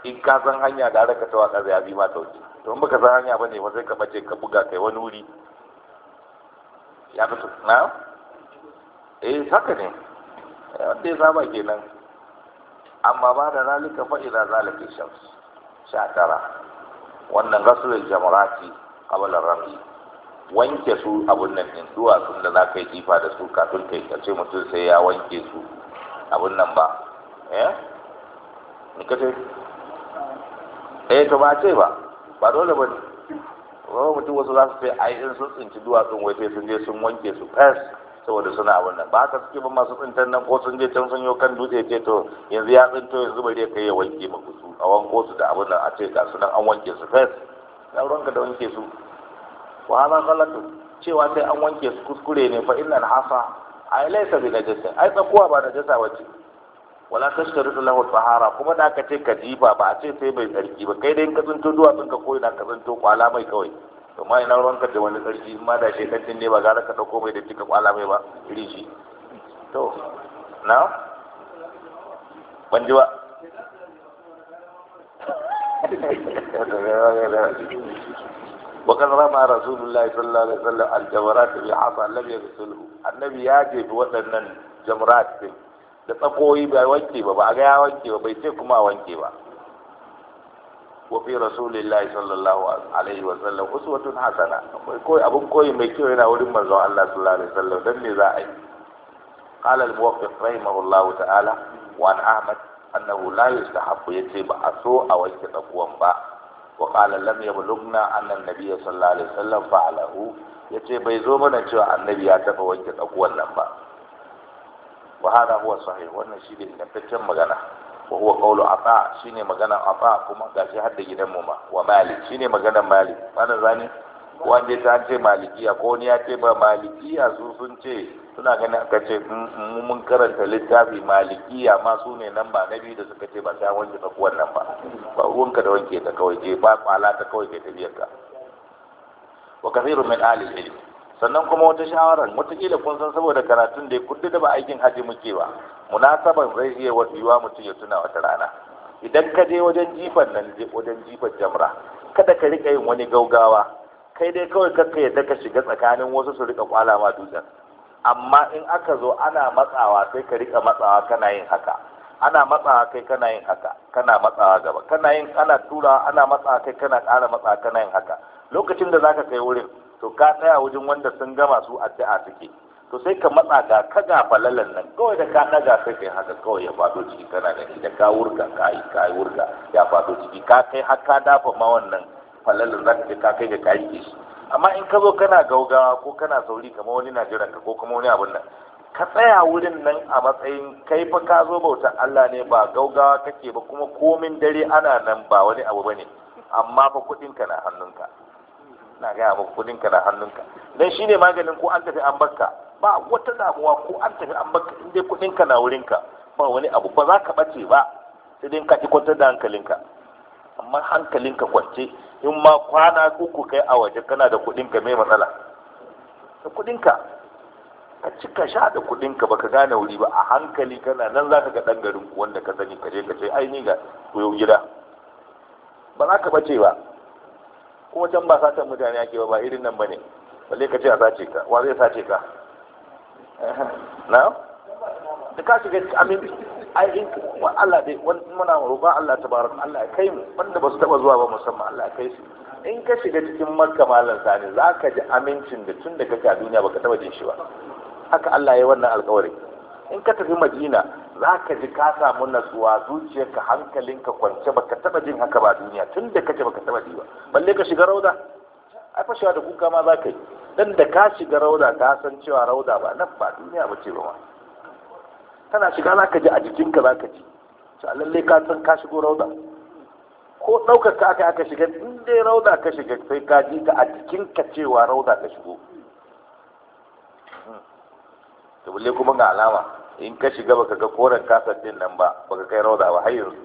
in ka san hanya da ka tawa kaza ya bi ma tauki to in baka san hanya ba ne ba sai ka bace ka buga kai wani wuri ya fito na eh haka ne wanda ya zama kenan amma ba da zalika fa idza zalika shams sha tara wannan rasulul jamrati qabla rami wanke su abun nan din duwatsun da na kai yi da su kafin kai kace mutum sai ya wanke su abun nan ba eh ni kace eh to ba ce ba ba dole ba ne wani mutum wasu za su ce ai in sun tsinci duwatsun wai sai sun je sun wanke su fes saboda suna abin nan ba haka suke ba masu tsintar nan ko sun je can sun yi kan dutse ce to yanzu ya tsinto yanzu bari ya kai ya wanke maku su a wanko su da abin nan a ce ga su nan an wanke su fes ruwan ranka da wanke su wa hada khalatu cewa sai an wanke su kuskure ne fa innal hasa ai laisa bi najasa ai tsakuwa ba najasa ce. wala shi lahu tahara kuma da aka ce ka ji ba a ce sai mai tsarki ba kai dai in ka tsinto duwatsun ka koyi na ka tsinto kwala mai kawai to ma ina ruwanka da wani tsarki in ma da shi kancin ne ba gara ka dauko mai da ka kwala mai ba iri shi to na ban ji ba وقد رمى رسول الله صلى الله عليه وسلم الجمرات بعصا لم يغسله النبي يجب وأن الجمرات da tsakoyi ba wanke ba ba a ga ya wanke ba bai ce kuma wanke ba wa fi rasulillahi sallallahu alaihi wa sallam uswatun hasana akwai abun koyi mai kyau yana wurin manzon Allah sallallahu alaihi wa sallam dan me za a yi qala al-muwaffiq rahimahullahu ta'ala wa an ahmad annahu la yustahabbu yace ba a so a wanke tsakuwan ba wa qala lam yablughna anna an-nabiy sallallahu alaihi wa sallam fa'alahu yace bai zo mana cewa annabi ya taba wanke tsakuwan nan ba wa hada huwa sahih wannan shi ne ingantaccen magana wa huwa qawlu ata shine maganar ata kuma gashi har da gidan mu ma wa malik shine maganar malik wannan zani wanda ta ce malikiya ko ni ya ce ba malikiya su sun ce suna ganin aka ce mun karanta littafi malikiya ma su ne nan ba na biyu da suka ce ba sai wanke ta kuwan nan ba ba ruwanka da wanke ta kawai je ba kwala ta kawai ke ka. wa kafirun min alil ilmi sannan kuma wata shawarar watakila kun san saboda karatun da kudu da ba aikin hajji muke ba munasaban zai iya yiwa mutum ya tuna wata rana idan ka je wajen jifan nan je wajen jifan jamra kada ka rika yin wani gaugawa kai dai kawai kanka yadda ka shiga tsakanin wasu su rika kwala ma dutsen amma in aka zo ana matsawa sai ka rika matsawa kana yin haka ana matsawa kai kana yin haka kana matsawa gaba kana yin ana tura ana matsawa kai kana ƙara matsawa kana yin haka lokacin da zaka kai wurin to ka tsaya wajen wanda sun gama su a ta'a suke to sai ka matsa ga ka ga falalan nan kawai da ka daga kai kai haka kawai ya fado ciki kana gani da ka wurga ka yi ka wurga ya fado ciki ka kai har ka dafa ma wannan falalan za ka ka kai ga ka yi shi amma in ka zo kana gaugawa ko kana sauri kamar wani Najeriya ka ko kamar wani abun nan ka tsaya wurin nan a matsayin kai fa ka zo bauta Allah ne ba gaugawa kake ba kuma komin dare ana nan ba wani abu bane amma fa kuɗinka na hannunka na gaya ba kudin ka da hannunka dan shine maganin ko an tafi an baka ba wata damuwa ko an tafi an baka in dai kudin ka na wurin ka ba wani abu ba za ka bace ba sai dai ka ki kwantar da hankalinka amma hankalinka kwance in ma kwana uku kai a waje kana da kudin ka mai matsala da kudin ka ka cika sha da kudin ka baka gane wuri ba a hankali kana nan za ka ga dan garin wanda ka sani ka je ka ce ai ni ga koyo gida ba za ka bace ba kuma can ba satan mutane ake ba irin nan bane balle ka ce a sace ka wa zai sace ka na da ka shiga amin ai in wa Allah dai muna roƙon Allah tabaraka Allah ya kai mu wanda ba su taba zuwa ba musamman Allah ya kai su in ka shiga cikin makka malam sani za ka ji amincin da tun da ka a duniya baka taba jin shi ba haka Allah ya wannan alƙawari in ka tafi Madina za ka ji ka samu natsuwa zuciyarka hankalinka kwance baka taba jin haka ba duniya tun da kace baka taba ji ba balle ka shiga rauda ai fashewa da kuka ma za ka yi dan da ka shiga rauda ka san cewa rauda ba nan ba duniya ba ce ba ma tana shiga za ka ji a jikinka za ka ji to lalle ka san ka shigo rauda ko ɗaukar ka aka aka shiga in dai rauda ka shiga sai ka ji ta a jikinka cewa rauda ka shigo hmm. to bulle kuma ga alama in ka shiga baka ga koren kasar din nan ba baka kai rauda ba har yanzu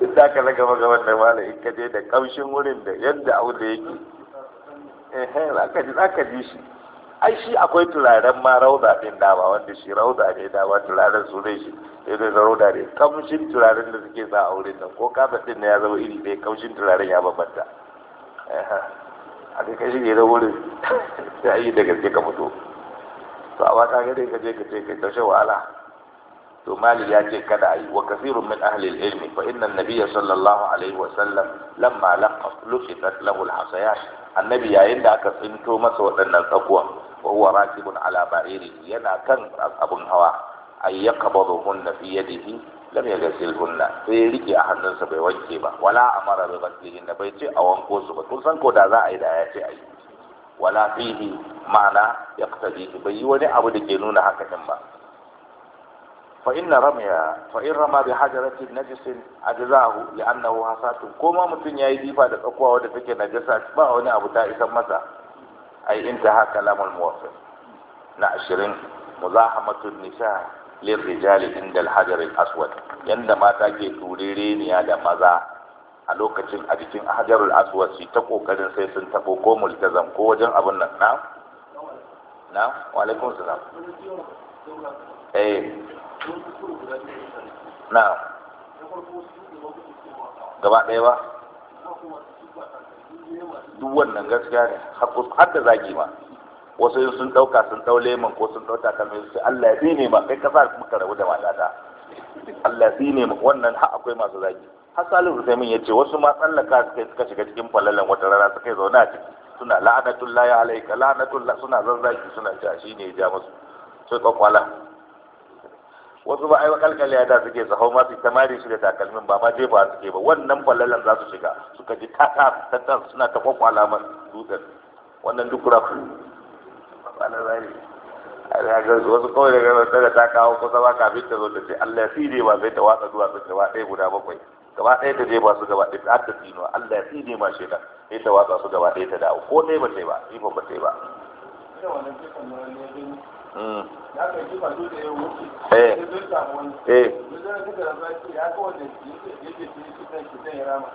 in da ka zaga maka wannan mala in ka je da kamshin wurin da yadda abin da yake eh zaka ji ji shi ai shi akwai turaren ma rauda din dama wanda shi rauda ne dama turaren su ne shi irin da rauda ne kamshin turaren da suke sa a wurin nan ko kasar din ne ya zama iri ɗaya kamshin turaren ya bambanta a kai kai shige da wurin sai yi da gaske ka fito to a waka gare ka je ka ce kai tashe wahala to mali ya ce kada ayi wa kasirun min ahli ilmi fa inna nabiyya sallallahu alaihi wa sallam lamma laqa lukhisat lahu al-hasayat annabi yayin da aka tsinto masa waɗannan tsakuwan wa huwa rakibun ala ba'iri yana kan abun hawa ay yaqbaduhunna fi yadihi lam hunna sai ya rike a hannunsa bai wanke ba wala amara bi ghaslihinna bai ce a wanko su ba kun san ko da za a yi da ya ce a yi wala fihi ma'ana yaqtadi bai yi wani abu da ke nuna haka din ba fa inna ramya fa in rama bi hajarati najis ajzahu li'annahu hasatun ko ma mutun yayi difa da tsakuwa wanda take najasa ba wani abu ta isan masa ai haka kalamul muwaffiq na 20 muzahamatun nisa lirrijali inda alhajar aswad yanda mata ke turereniya da maza a lokacin a jikin hajarul aswad su ta kokarin sai sun tabo ko multazam ko wajen abin nan na na wa alaikum salam eh na gaba ɗaya ba duk wannan gaskiya ne har da zaki ma wasu sun ɗauka sun ɗau leman ko sun ɗau kamar sai Allah ya tsine ma kai kasa ka rabu da matata Allah ya tsine ma wannan ha akwai masu zagi hasalin rufemin ya ce wasu ma tsallaka suka suka shiga cikin falalan wata rana suka yi zaune a ciki suna laya alaika la suna zazzaki suna cewa shine ya ja musu sai kwakwala wasu ba ai kalkal ya da suke sahau ma su tamari shi da takalmin ba ma jefa suke ba wannan falalan za su shiga suka ji ta ta suna ta kwakwala man dutsen wannan duk kurafu ana zari wasu kawai daga wata da ta kawo kusa ba kafin ta zo ta ce Allah ya sire ma zai ta watsa zuwa duwatsun gaba ɗaya guda bakwai gaba ɗaya ta je ba su gaba ɗaya ta ta tsino Allah ya sire ma shaitan sai ta watsa su gaba ɗaya ta dawo ko ɗaya ba ta yi ba ifan ba ta yi ba. Hmm. Eh.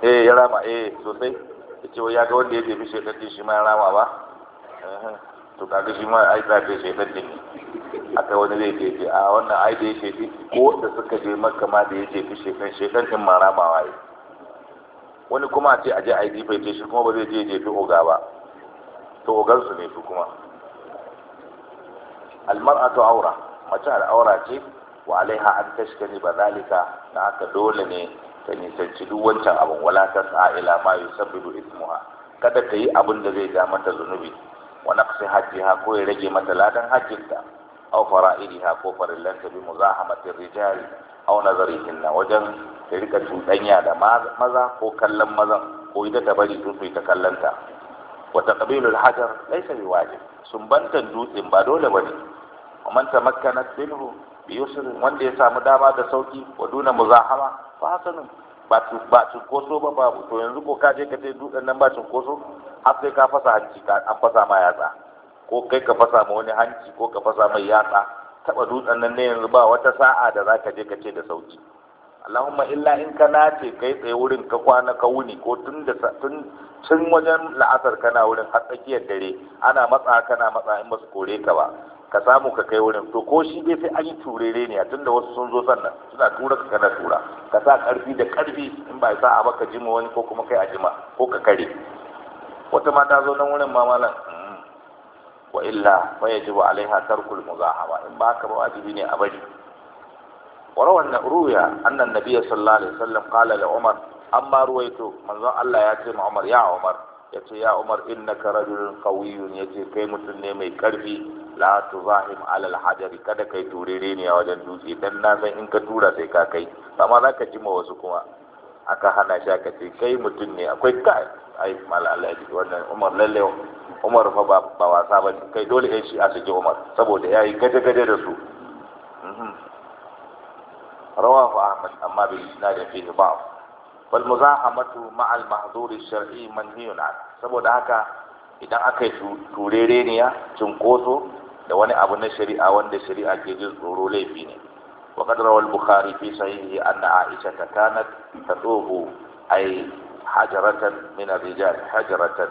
Eh. ya rama eh sosai. Ya ce ya ga wanda ya jefi shaitan shi ma ya rama ba. to kaga shi ma ai ka shaidan din ne akai wani zai ce ce a wannan ai da ya shi ko da suka je maka ma da ya fi shaidan shaidan din ma rama waye wani kuma a ce a je a bai ce shi kuma ba zai je ya jefi oga ba to su ne su kuma almar'atu aura mace al'aura ce wa alaiha an tashkani ba zalika na haka dole ne ta nisanci duk wancan abin wala ta sa'a ila ma yusabbidu ismuha kada ta yi abin da zai ja mata zunubi wa naqsi hajjiha ko ya rage mata ladan hajjinta aw fara'idiha ko farillanta bi muzahamatir rijal aw nazarihinna wajen ta rika cuɗanya da maza ko kallon mazan ko ita ta bari dutse ta kallanta wa taqbilul hajar laysa biwajib sumbantan dutsen ba dole bane man tamakkanat minhu bi yusrin wanda ya samu dama da sauki wa duna muzahama fa hasanun ba ba cunkoso ba babu, to yanzu ko ka je ka ce dutsen nan ba cunkoso har sai ka fasa hanci ka an fasa ma yatsa ko kai ka fasa ma wani hanci ko ka fasa mai yatsa taba dutsen nan ne yanzu ba wata sa'a da zaka je ka ce da sauki Allahumma illa in ka nace kai tsaye wurin ka kwana ka wuni ko tun da tun tun wajen la'asar kana wurin har tsakiyar dare ana matsa kana matsa in ba kore ka ba ka samu ka kai wurin to ko shi dai sai an yi turere ne tun da wasu sun zo sannan suna tura ka kana tura ka sa karfi da karfi in ba sa ba ka jima wani ko kuma kai a jima ko ka kare wata mata zo nan wurin mamala hmm, wa illa fa yajibu alaiha tarkul muzahama in ba ka ba wajibi ne abadi wa rawan na ruya annan nabiy sallallahu alaihi wasallam qala li umar amma ruwaito manzon Allah ya ce ma umar ya umar In ya umar innaka rajulun ya yace kai mutum ne mai karfi la tuzahim ala alhajari kada kai turire ne a wajen dutse dan na san in ka tura sai ka kai amma zaka ji wasu kuma aka hana shi aka ce kai mutum ne akwai kai ai malalaji wannan umar lalle umar fa ba ba wasa ba kai dole ai shi a sake umar saboda yayi gaje gaje da su mhm. rawahu ahmad amma bi isnadin fi ba'd wal muzahamatu ma al mahdhur al shar'i manhiyun an saboda haka idan aka yi turereniya cinkoso da wani abu na shari'a wanda shari'a ke jin tsoro laifi ne وقد روى البخاري في صحيحه أن عائشة كانت تطوب أي حجرة من الرجال حجرة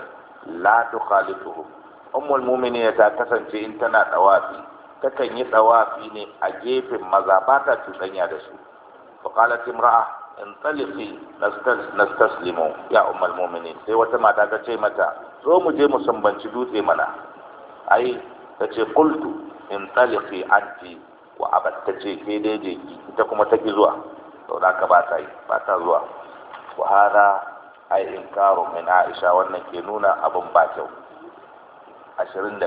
لا تخالفهم أم المؤمنين تكسن في انتنا توافي تكن يتوافي أجيب مزابات تسنيا دسو فقالت امرأة انطلقي نستسلم يا أم المؤمنين sai wata mata ta ce mata zo mu je mu sambanci dutse mana ai ta ko abat ta ce je ita kuma ta ki zuwa to da ka ba ta yi ba ta zuwa wa hada ai inkaru min aisha wannan ke nuna abin ba kyau 21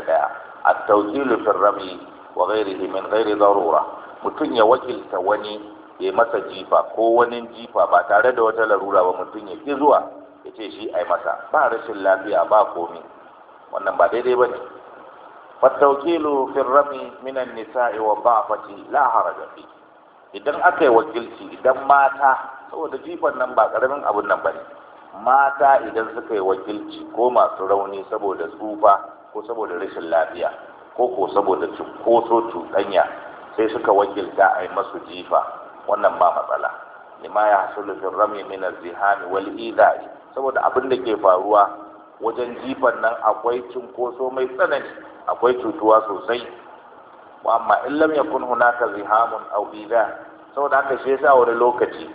at-tawjilu fi rami wa ghairihi min ghairi darura mutun ya wakilta wani ya masa jifa ko wani jifa ba tare da wata larura ba mutum ya ki zuwa ya ce shi ai masa ba rashin lafiya ba komi wannan ba daidai bane والتوكيل في الرمي من النساء والضعفة لا حرج فيه idan aka yi wakilci idan mata saboda jifan nan ba karamin abun nan bane mata idan suka yi wakilci ko masu rauni saboda tsufa ko saboda rashin lafiya ko ko saboda cunkoso cuɗanya sai suka wakilta a yi masu jifa wannan ba matsala lima ya hasulu fi rami minan az-zihani wal saboda abin da ke faruwa wajen jifan nan akwai cinkoso mai tsanani akwai cutuwa sosai wa amma in lam yakun hunaka zihamun aw ida saboda haka shi yasa wani lokaci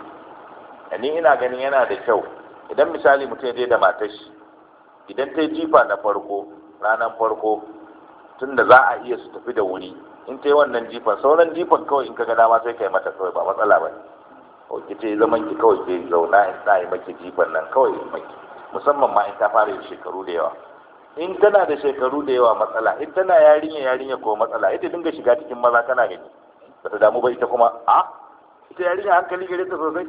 ni ina ganin yana da kyau idan misali mutum ya je da matar shi idan ta jifa na farko ranar farko tunda za a iya su tafi da wuri in ta yi wannan jifan sauran jifan kawai in ka ga dama sai ka yi mata kawai ba matsala ba ne ki ce zaman ki kawai ke zauna in ta yi maki jifan nan kawai in maki musamman ma in ta fara da shekaru da yawa in tana da shekaru da yawa matsala in tana yarinya yarinya ko matsala ita dinga shiga cikin maza kana gani bata damu ba ita kuma a ita yarinya hankali gare ta sosai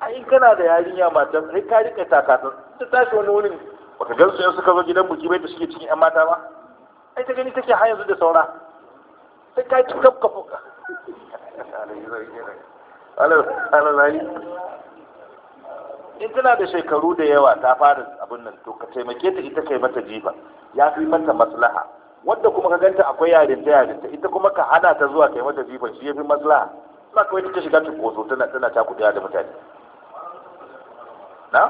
a in kana da yarinya mata sai ka rika takatan ta tashi wani wurin baka gan su suka zo gidan buki bai ta shige cikin yan mata ba ai ta gani take har yanzu da saura sai ka ci kafkafa Allah Allah in tana da shekaru da yawa ta fara abin nan to ka taimake ta ita kai mata jifa ya fi mata maslaha wanda kuma ka ganta akwai yarinta yarinta ita kuma ka hana ta zuwa kai mata jifan shi ya fi maslaha ba kawai ta shiga koso tana tana ta kuɗiya da mutane na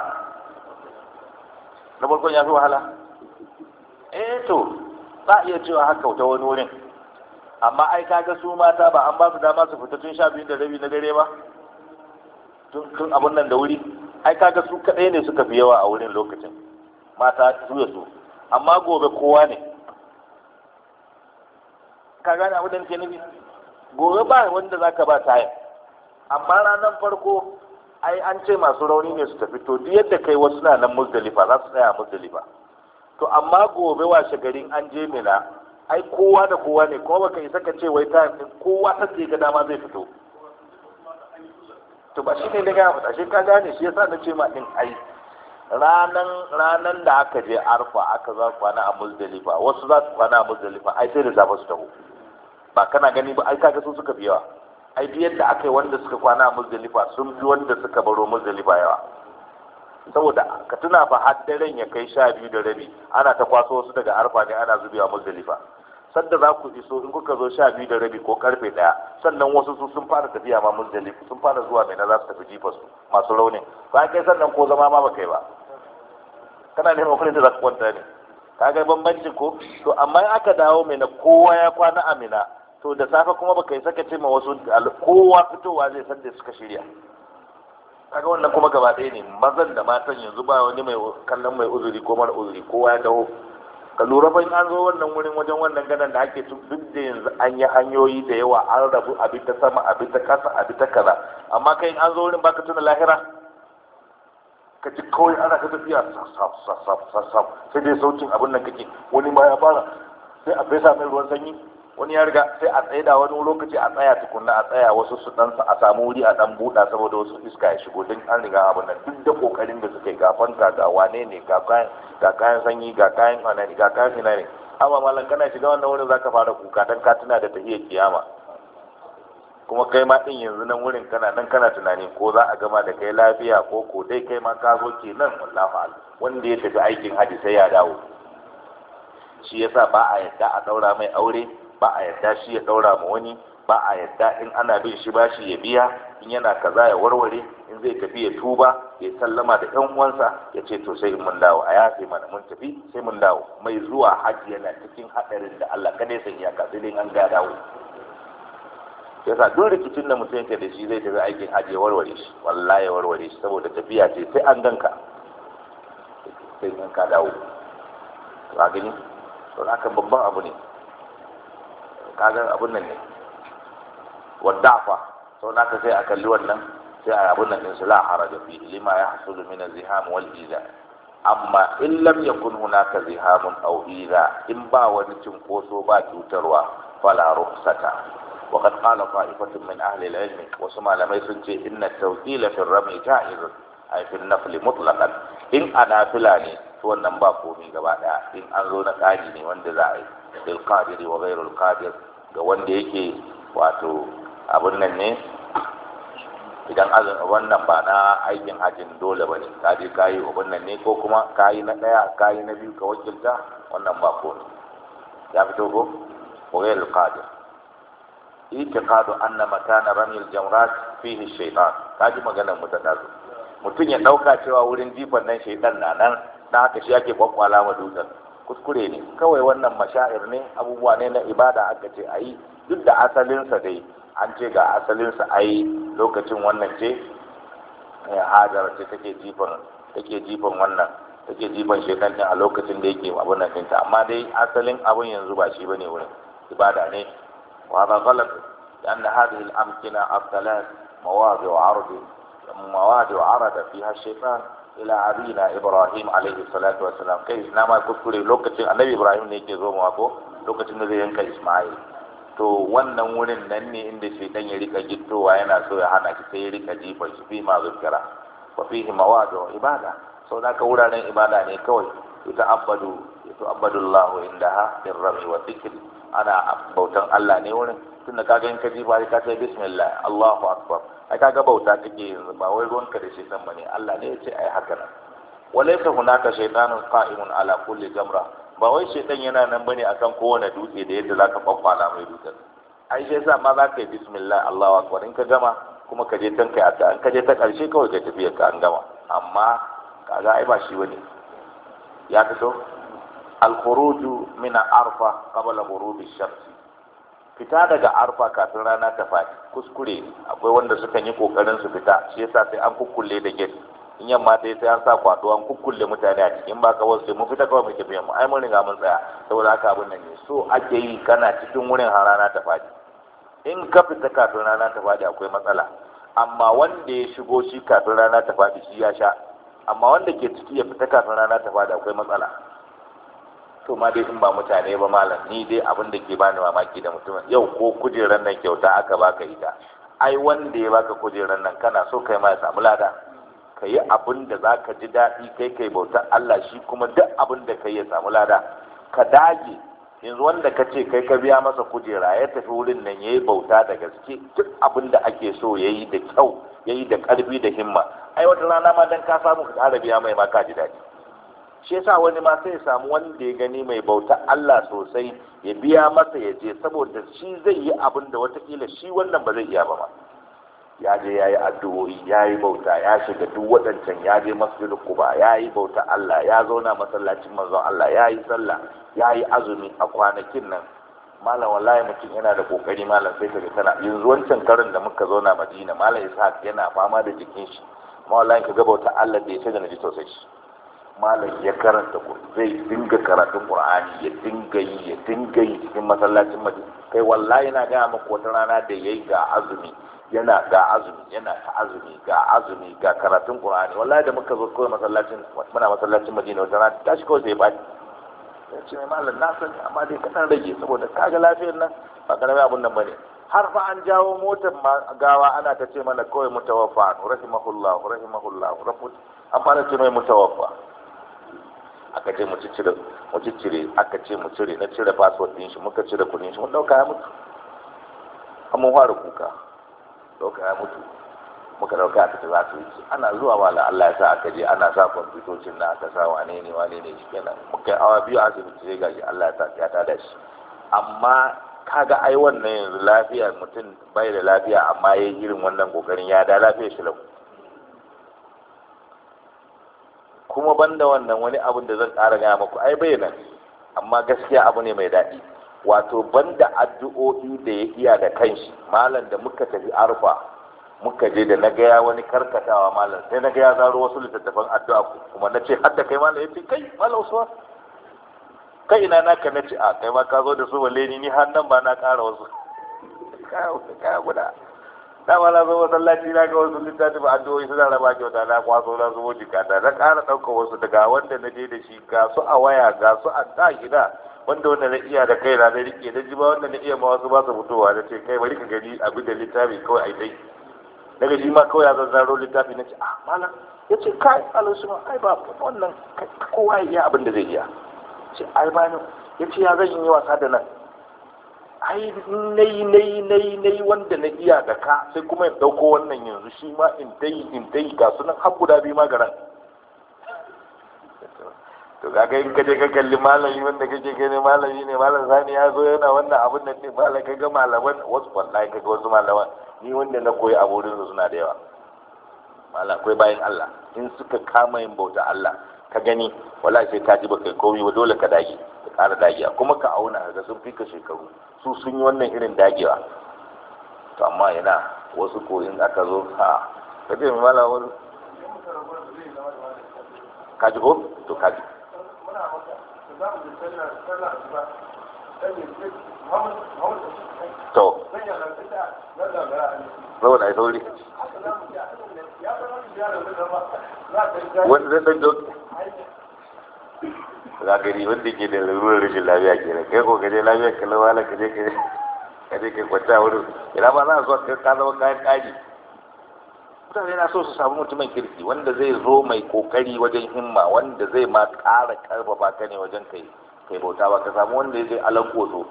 na farkon ya fi wahala eh to ba iya cewa haka ta wani wurin amma ai kaga su mata ba an ba su dama su fita tun sha biyu da rabi na dare ba tun abin nan da wuri ai kaga su kaɗai ne suka fi yawa a wurin lokacin mata su ya su amma gobe kowa ne ka gane a da nufi gobe ba wanda za ka ba tayin amma ranar farko ai an ce masu rauni ne su tafi to duk yadda kai wasu na nan muzdalifa za su tsaya muzdalifa to amma gobe wa garin an je mina ai kowa da kowa ne kuma baka isa ka ce wai ɗin, kowa ta ce ga dama zai fito to ba shi ne na gaya mata shi ka gane shi yasa na ce ma din ai ranan ranan da aka je arfa aka za kwana a muzdalifa wasu za su kwana a muzdalifa ai sai da safe su taho ba kana gani ba ai kaga su suka fi yawa ai duk da aka yi wanda suka kwana a muzdalifa sun bi wanda suka baro muzdalifa yawa saboda ka tuna fa har daren ya kai sha biyu da rabi ana ta kwaso wasu daga arfa ne ana zubewa muzdalifa sadda za ku iso in kuka zo sha biyu da rabi ko karfe daya sannan wasu su sun fara tafiya ma musdalif sun fara zuwa mai na za su tafi jifa su masu raunin ba kai sannan ko zama ma ba kai ba kana neman kudin da za ka kwanta ne ka ga bambanci ko to amma in aka dawo mai na kowa ya kwana amina to da safe kuma baka yi saka ce ma wasu kowa fitowa zai san da suka shirya kaga wannan kuma gaba ɗaya ne mazan da matan yanzu ba wani mai kallon mai uzuri ko mara uzuri kowa ya dawo ka lura bai an zo wannan wurin wajen wannan ganan da ake tun duk da yanzu an yi hanyoyi da yawa an rabu abin ta sama abin ta kasa abin ta kaza amma kai an zo wurin baka tuna lahira ka ji kawai ana ka tafiya sassaf sassaf sassaf sai dai sautin abin nan kake wani ma ya fara sai a fesa mai ruwan sanyi wani ya riga sai a tsaye da wani lokaci a tsaya tukunna a tsaya wasu su dan a samu wuri a dan buɗa saboda wasu iska ya shigo don an riga abin nan duk da kokarin da suka yi ga fanta ga wane ne ga kayan sanyi ga kayan anani ga kayan ina ne amma malam kana shiga wannan wurin zaka fara kuka dan ka tuna da iya kiyama kuma kai ma din yanzu nan wurin kana nan kana tunani ko za a gama da kai lafiya ko ko dai kai ma ka zo kenan wallahi wanda ya tafi aikin haji sai ya dawo shi yasa ba a yadda a daura mai aure ba a yadda shi ya daura ma wani ba a yadda in ana bin shi bashi ya biya in yana kaza ya warware in zai tafi ya tuba ya sallama da yan uwansa ya ce to sai mun dawo a yafe mana mun tafi sai mun dawo mai zuwa haji yana cikin hadarin da Allah kada ya sanya ka sai dai an ga dawo yasa duk rikicin da mutum yake da shi zai tafi aikin hajji ya warware shi wallahi ya warware shi saboda tafiya ce sai an ganka sai an ka dawo ba gani to haka babban abu ne kaga abun nan ne wadafa sau naka sai a kalli wannan sai a abun nan din su la haraja fi lima ya hasulu min ziham wal iza amma in lam yakun hunaka zihamun aw iza in ba wani cinkoso ba cutarwa fala rukhsata وقد قال طائفة من أهل ce وسمع لما يسنتي إن التوكيل في الرمي جائز أي في النفل مطلقا إن أنا فلاني to wannan ba komi gaba daya in an zo na tsari ne wanda za a yi lil qadir wa ghairul qadir ga wanda yake wato abin nan ne idan azumi wannan ba na aikin hajjin dole ba ne ka je ka yi abin nan ne ko kuma ka yi na ɗaya ka yi na biyu ka wakilta wannan ba ko ne ya fito ko wayar qadir itiqadu anna makana ramil jamrat fihi shaytan ji maganar mu ta dazu mutum ya ɗauka cewa wurin jifan nan shaiɗan na nan na haka shi ake kwakwala ma dutsen kuskure ne kawai wannan mashahir ne abubuwa ne na ibada aka ce a yi duk da asalinsa dai an ce ga asalinsa a yi lokacin wannan ce ya eh, hajar ce take jifan take jifan wannan take jifan shekan a lokacin da yake abin nan ta amma dai asalin abin yanzu ba shi bane wurin ibada ne wa hada da لأن هذه الأمكنة الثلاث mawadi'u عرض mawadi'u arada fiha shaytan ila abina ibrahim alaihi salatu wassalam kai na ma kuskure lokacin annabi ibrahim ne yake zo ko lokacin da zai yanka isma'il to wannan wurin nan ne inda dan ya rika gittowa yana so ya hana ki sai ya rika ba shi fi ma zikira wa fihi mawadu ibada so da ka wuraren ibada ne kawai ita abadu ita abadullahu indaha ha wa zikri ana bautan Allah ne wurin da kaga in ka ji bari ka ce bismillah Allahu akbar ai kaga bauta kake yanzu ba wai ruwan ka da san bane Allah ne ya ce ai haka nan walaysa hunaka shaytanun qa'imun ala kulli jamra ba wai shaytan yana nan bane akan kowane dutse da yadda zaka kwakwala mai dutsen ai sai sa ma zaka yi bismillah Allahu akbar in ka gama kuma ka je tanka ya in ka je ta karshe kawai ka tafi ka an gama amma kaga ai ba shi bane ya fito al-khuruju min arfa qabla ghurubi ash-shams fita daga arfa kafin rana ta faɗi kuskure akwai wanda sukan yi kokarin su fita shi yasa sai an kukkulle da gate in yamma sai sai an sa kwato an kukkulle mutane a cikin ba kawai sai mun fita kawai mu tafiya mu ai mun riga mun tsaya saboda haka abin nan ne so ake yi kana cikin wurin har rana ta faɗi in ka fita kafin rana ta faɗi akwai matsala amma wanda ya shigo shi kafin rana ta faɗi shi ya sha amma wanda ke ciki ya fita kafin rana ta faɗi akwai matsala to ma dai in ba mutane ba malam ni dai abin da ke bani mamaki da mutumin yau ko kujerar nan kyauta aka baka ita ai wanda ya baka kujerar nan kana so kai ma ya samu lada ka yi abin da za ka ji daɗi kai kai bautar Allah shi kuma duk abin da ka ya samu lada ka dage yanzu wanda ka ce kai ka biya masa kujera ya tafi wurin nan ya yi bauta da gaske duk abin da ake so ya yi da kyau ya yi da ƙarfi da himma ai wata rana ma dan ka samu ka ƙara biya mai ma ka ji daɗi shi yasa wani ma sai ya samu wanda ya gani mai bauta Allah sosai ya biya masa ya je saboda shi zai yi abin da watakila shi wannan ba zai iya ba ma ya je ya yi addu'o'i ya yi bauta ya shiga duk waɗancan ya je masjid kuba ya yi bauta Allah ya zauna masallacin manzon Allah ya yi sallah ya yi azumi a kwanakin nan malam wallahi mutum yana da kokari malam sai ka tana yanzu wancan karin da muka zauna Madina malam Ishaq yana fama da jikin shi amma ka ga bauta Allah da ya ce da naji sosai malam ya karanta zai dinga karatun qur'ani ya dinga yi ya dinga yi cikin masallacin madina kai wallahi na gaya maka wata rana da yayi ga azumi yana ga azumi yana ta azumi ga azumi ga karatun qur'ani wallahi da muka zo kawai masallacin muna masallacin madina wata rana tashi kawai sai bani ya ce malam na sani amma dai kaɗan rage saboda kaga lafiyar nan ba karamin abun nan bane har fa an jawo motar gawa ana ta ce mana kawai mutawaffa rahimahullahu rahimahullah an fara ce mai mutawaffa aka ce mu ciccire aka ce mu cire na cire password din shi muka cire kudin shi mun dauka ya mutu amma fara kuka dauka ya mutu muka dauka aka ce za su yi ana zuwa la Allah ya sa aka je ana sa kwamfutocin na aka sa wane ne wane ne kenan muka awa biyu asibiti sai gaji, Allah ya ya da shi amma kaga ai wannan yanzu lafiya mutum bai da lafiya amma yi irin wannan kokarin ya da lafiya shi lau kuma banda wannan wani abin da zan ƙara gaya maku ai bai nan amma gaskiya abu ne mai daɗi wato banda addu'o'i da ya iya da kanshi malam da muka tafi arfa muka je da na gaya wani karkatawa malam sai na gaya zaro wasu littattafan addu'a kuma na ce hadda kai malam ya ce kai malam usuwa kai ina naka na ce a kai ma ka zo da su balle ni har nan ba na ƙara wasu kaya guda dama na zo masallaci na ga wasu littafi ba addu'o'i suna raba kyauta na kwaso na zubo jikata na ƙara ɗaukar wasu daga wanda na je da shi ga su a waya ga su a da gida wanda wanda na iya da kai na rike na ji ba wanda na iya ma wasu ba su fitowa na ce kai bari ka gani abin da littafi kawai yi dai daga shi ma kawai ya zazzaro littafi na ce a ah, malam ya ce kai alasu ai ba wannan kowa ya iya abin da zai iya ce ai ba ya ce ya zan yi wasa da nan ai nai nai nai nai wanda na iya da ka sai kuma in dauko wannan yanzu shi ma in dai in dai ga sunan har guda biyu ma garan to ga in ka je ka kalli malami wanda kake gani malami ne malam sani ya zo yana wannan abun nan ne malam kaga malaman wasu wallahi kaga wasu malaman ni wanda na koyi a wurin su suna da yawa malam akwai bayan Allah in suka kama yin bauta Allah ka gani wala sai ka ji baka komi ba dole ka dage kara dagewa kuma ka auna ga sun fi shekaru su sun yi wannan irin dagewa to amma yana wasu koyin aka zo ha ka ce mai mala wani kaji ko to kaji to zama na sauri wani zai ɗan za ka yi wanda ke da lalurar rashin lafiya ke da kai ko ka je lafiya ka lawa ka je ka je ka kwanta wurin ina ba za a so ka ka zama kayan kaji mutane na so su samu mutumin kirki wanda zai zo mai kokari wajen himma wanda zai ma ƙara karfafa ka ne wajen kai kai bauta ba ka samu wanda ya je alan koto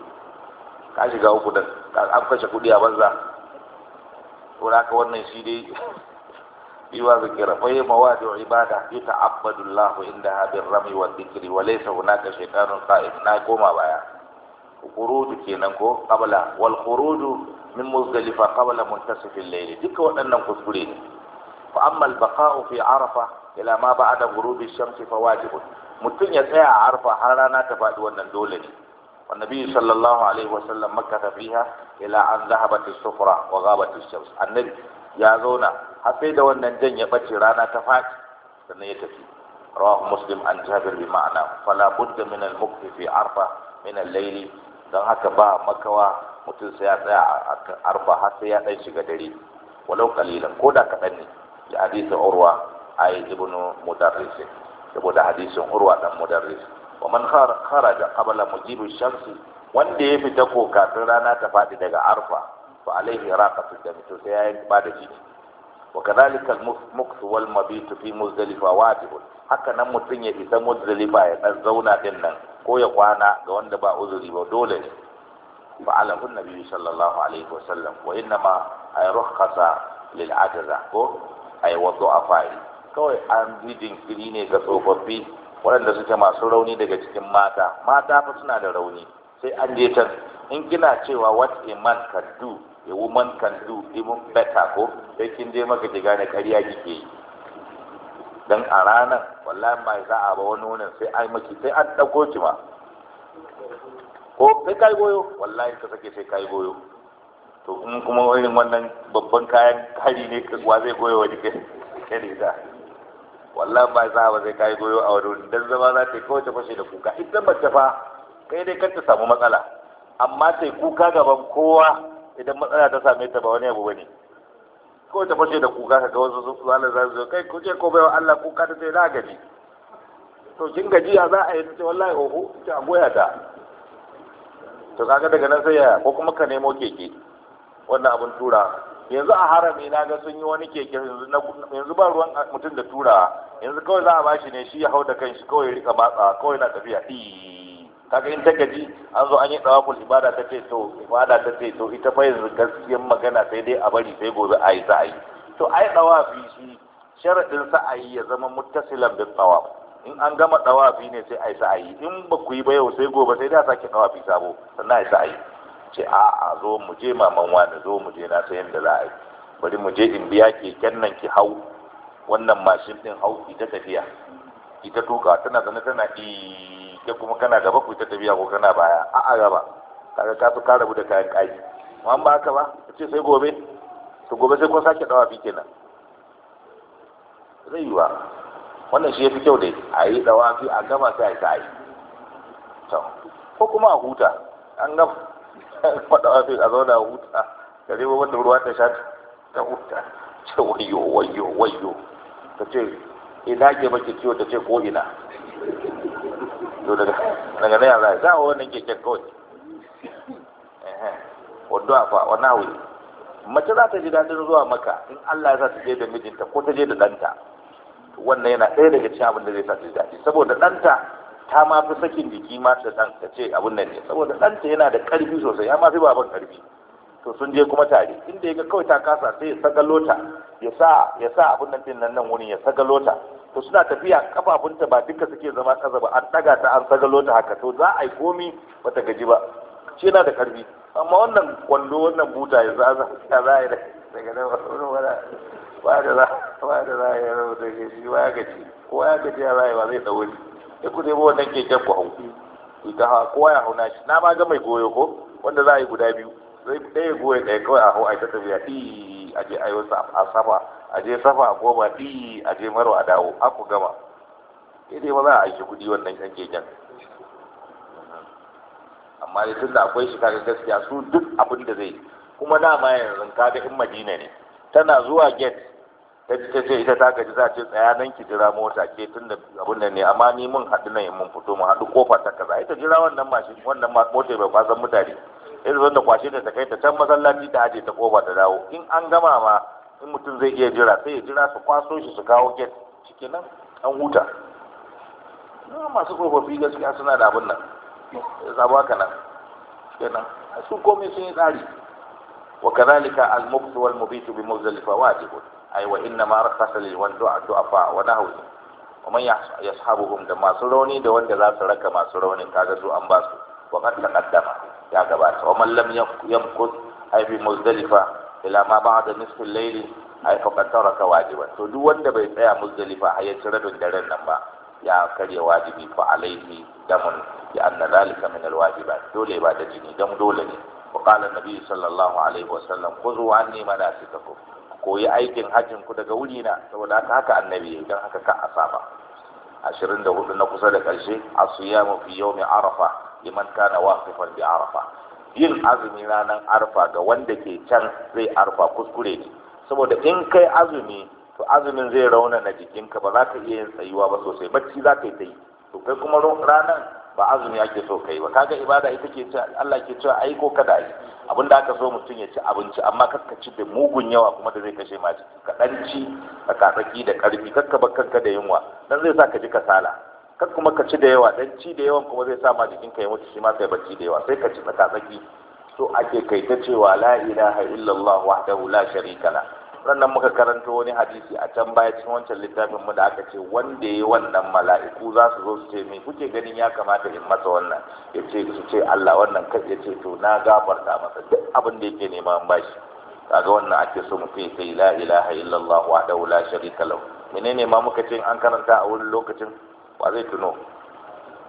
ka shiga uku da an kashe kuɗi a banza Ko da haka wannan shi dai فيما ذكر فهي مواضع عبادة يتعبد الله عندها بالرمي والذكر وليس هناك شيطان قائم ناكوما بايا خروج كينكو قبل والخروج من مزدلفة قبل منتصف الليل تلك وأنهم كسبرين فأما البقاء في عرفة إلى ما بعد غروب الشمس فواجب متن يتسع عرفة حرانا تفاد ونندولني دولني والنبي صلى الله عليه وسلم مكث فيها إلى أن ذهبت الصفرة وغابت الشمس النبي ya zauna har da wannan jan ya bace rana ta faɗi sannan ya tafi rawahu muslim an jabir bi ma'ana fala budda min al mukfi fi arfa min al layli dan haka ba makawa mutum sai ya tsaya a arfa har sai ya dan shiga dare walau qalilan ko da kadan ne ya hadisi urwa ay ibnu mudarris saboda hadisin urwa dan mudarris wa man kharaja qabla mujibi shamsi wanda ya fita ko kafin rana ta faɗi daga arfa fa alaihi raqatu dami to sai ya ba da jiki wa kadhalika al wal mabit fi muzdalifa wajib haka nan mutum ya isa muzdalifa ya dan zauna din nan ko ya kwana ga wanda ba uzuri ba dole ne fa ala nabi sallallahu alaihi wa sallam wa ma ay rukhasa lil ajza ko ay wadu afai kawai an bi jinkiri ne ga tsofaffi waɗanda suke masu rauni daga cikin mata mata fa suna da rauni sai an je can in kina cewa what a man can do a woman can do even better ko sai kin je maka ki gane kariya kike yi dan a ranar wallahi mai za a ba wani wannan sai ai maki sai an ɗauko ki ma ko sai kai goyo wallahi ka sake sai kai goyo to in kuma irin wannan babban kayan kari ne wa zai goyo wani kai kai da wallahi mai za ba zai kai goyo a wani wurin dan zama za ta kawai ta fashe da kuka idan ta fa kai dai kar ta samu matsala amma sai kuka gaban kowa idan matsala ta same ta ba wani abu bane ko ta fashe da kuka kaga wasu su zuwa za su kai ko ce ko baiwa Allah kuka ta sai daga gaji to kin gajiya za a yi ta wallahi oho ta goya ta to kaga daga nan sai ya ko kuma ka nemo keke wannan abun tura yanzu a harami na ga sun yi wani keke yanzu ba ruwan mutum da tura yanzu kawai za a bashi ne shi ya hau da kanshi kawai rika matsa kawai na tafiya kaga in ta gaji an zo an yi tsawakul ibada ta ce to ibada ta ce to ita fa yanzu gaskiyar magana sai dai a bari sai gobe a yi za a yi to ai tsawafi shi sharaɗin sa'ayi ya zama muttasilan bin tsawaf in an gama tsawafi ne sai a yi sa'ayi in ba ku yi ba yau sai gobe sai a sake tsawafi sabo sannan a yi sa'ayi ce a a zo mu je maman wani zo mu je na sai yadda za a yi bari mu je in biya keken nan ki hau wannan mashin din hau ita tafiya ita tuka tana zana tana ɗi ke kuma kana gaba ku ta tafiya ko kana baya a a gaba kaga ka fi ka da kayan kaji amma ba haka ba ce sai gobe to gobe sai kun sake dawa bi kenan zai yiwa wannan shi ya fi kyau dai a yi dawa fi a gama sai a yi to ko kuma a huta an ga fadawa fi a zauna a huta ka zai wanda ruwa ta sha ta huta ce wayo wayo wayo ta ce ina ke maki ciwo ta ce ko ina to daga daga nan za za wannan keken kawai wadda a fa wannan wuri mace za ta ji dadin zuwa maka in Allah ya sa ta je da mijinta ko ta je da danta, wannan yana ɗaya daga cikin abin da zai sa ta ji daɗi saboda danta ta ma fi sakin jiki ma ta ɗan ta ce abin nan ne saboda ɗanta yana da karfi sosai ya ma fi baban karfi to sun je kuma tare inda yaga kawai ta kasa sai ya saka lota, ya sa ya sa abun nan din nan wurin ya saka lota. to suna tafiya kafafunta ba duka suke zama kaza ba an daga ta an saka lota haka to za a yi komi bata gaji ba ce na da karfi amma wannan kwallo wannan buta ya za ya za yi daga nan ba da za ba da za ya rabu da shi ba ya gaji kowa ya gaji ya ba zai dawo shi ya ku ba wannan keken ku hau ita kowa ya hauna shi na ma ga mai goyo ko wanda za a yi guda biyu sai ɗaya goyi ɗaya kawai a hau a ta tafiya ɗi a je a yi a safa a je safa a goma ɗi a je maro a dawo a ku gama sai dai ba za a aiki kuɗi wannan yan keken amma dai tun da akwai shi kaga gaskiya su duk abin da zai kuma dama yanzu kaga in madina ne tana zuwa gate ta ji ta ce ita ta gaji za ce tsaya nan ki jira mota ke tun da abin nan ne amma ni mun haɗu nan mun fito mu haɗu kofa ta kaza ita jira wannan mashin wannan mota bai kwasan mutane Ilimin da kwashe ta kai ta can masallaci ta aje ta koba ta dawo in an gama ma in mutum zai iya jira sai ya jira su kwaso shi su kawo get nan, an huta na masu tsofaffi gaskiya suna da abin nan ya zaba ka nan kenan su komai sun yi tsari wa kadhalika al-muktu wal mubitu bi muzdalifa wajibun ay wa inna ma rakhasa lil wan du'a afa wa nahwi wa man yashabuhum da masu rauni da wanda za su raka masu rauni kaga su an ba su wa qad ya gabata wa man lam yamkut ay bi muzdalifa ila ma ba'da nisfi al wajiban to duk wanda bai tsaya muzdalifa a yace rabin daren nan ba ya karya wajibi fa alaihi damun ya anna zalika min al dole ba da jini dan dole ne wa qala nabi sallallahu alaihi wa sallam khudhu anni manasikakum koyi aikin hajjin ku daga wuri na saboda haka haka annabi ya dan haka ka asaba 24 na kusa da karshe asiyamu fi yawmi arafa liman kana waqifan bi arafa yin azumi ranar arfa ga wanda ke can zai arfa kuskure ne saboda in kai azumi to azumin zai rauna raunana jikinka ba za ka iya yin tsayuwa ba sosai bacci za ka yi ta yi to kai kuma ranar ba azumi ake so kai ba kaga ibada ita ke cewa Allah ke cewa ai ko kada yi abinda aka so mutum ya ci abinci amma kakka ci da mugun yawa kuma da zai kashe ma ka dan ci ka da karfi kakka bakkanka da yunwa dan zai sa ka ji kasala kar kuma ka ci da yawa dan ci da yawan kuma zai sa ma jikin ka ya mutu shi ma kai bacci da yawa sai ka ci tsaki to ake kai ta cewa la ilaha illallah wahdahu la sharika la sannan muka karanto wani hadisi a can baya cikin wancan littafin mu da aka ce wanda yayi wannan mala'iku za su zo su ce me kuke ganin ya kamata in masa wannan ya ce su ce Allah wannan kai ya ce to na gafarta masa duk abin da yake nema an bashi kaga wannan ake so mu kai kai la ilaha illallah wahdahu la sharika la menene ma muka ce an karanta a wurin lokacin wa zai tuno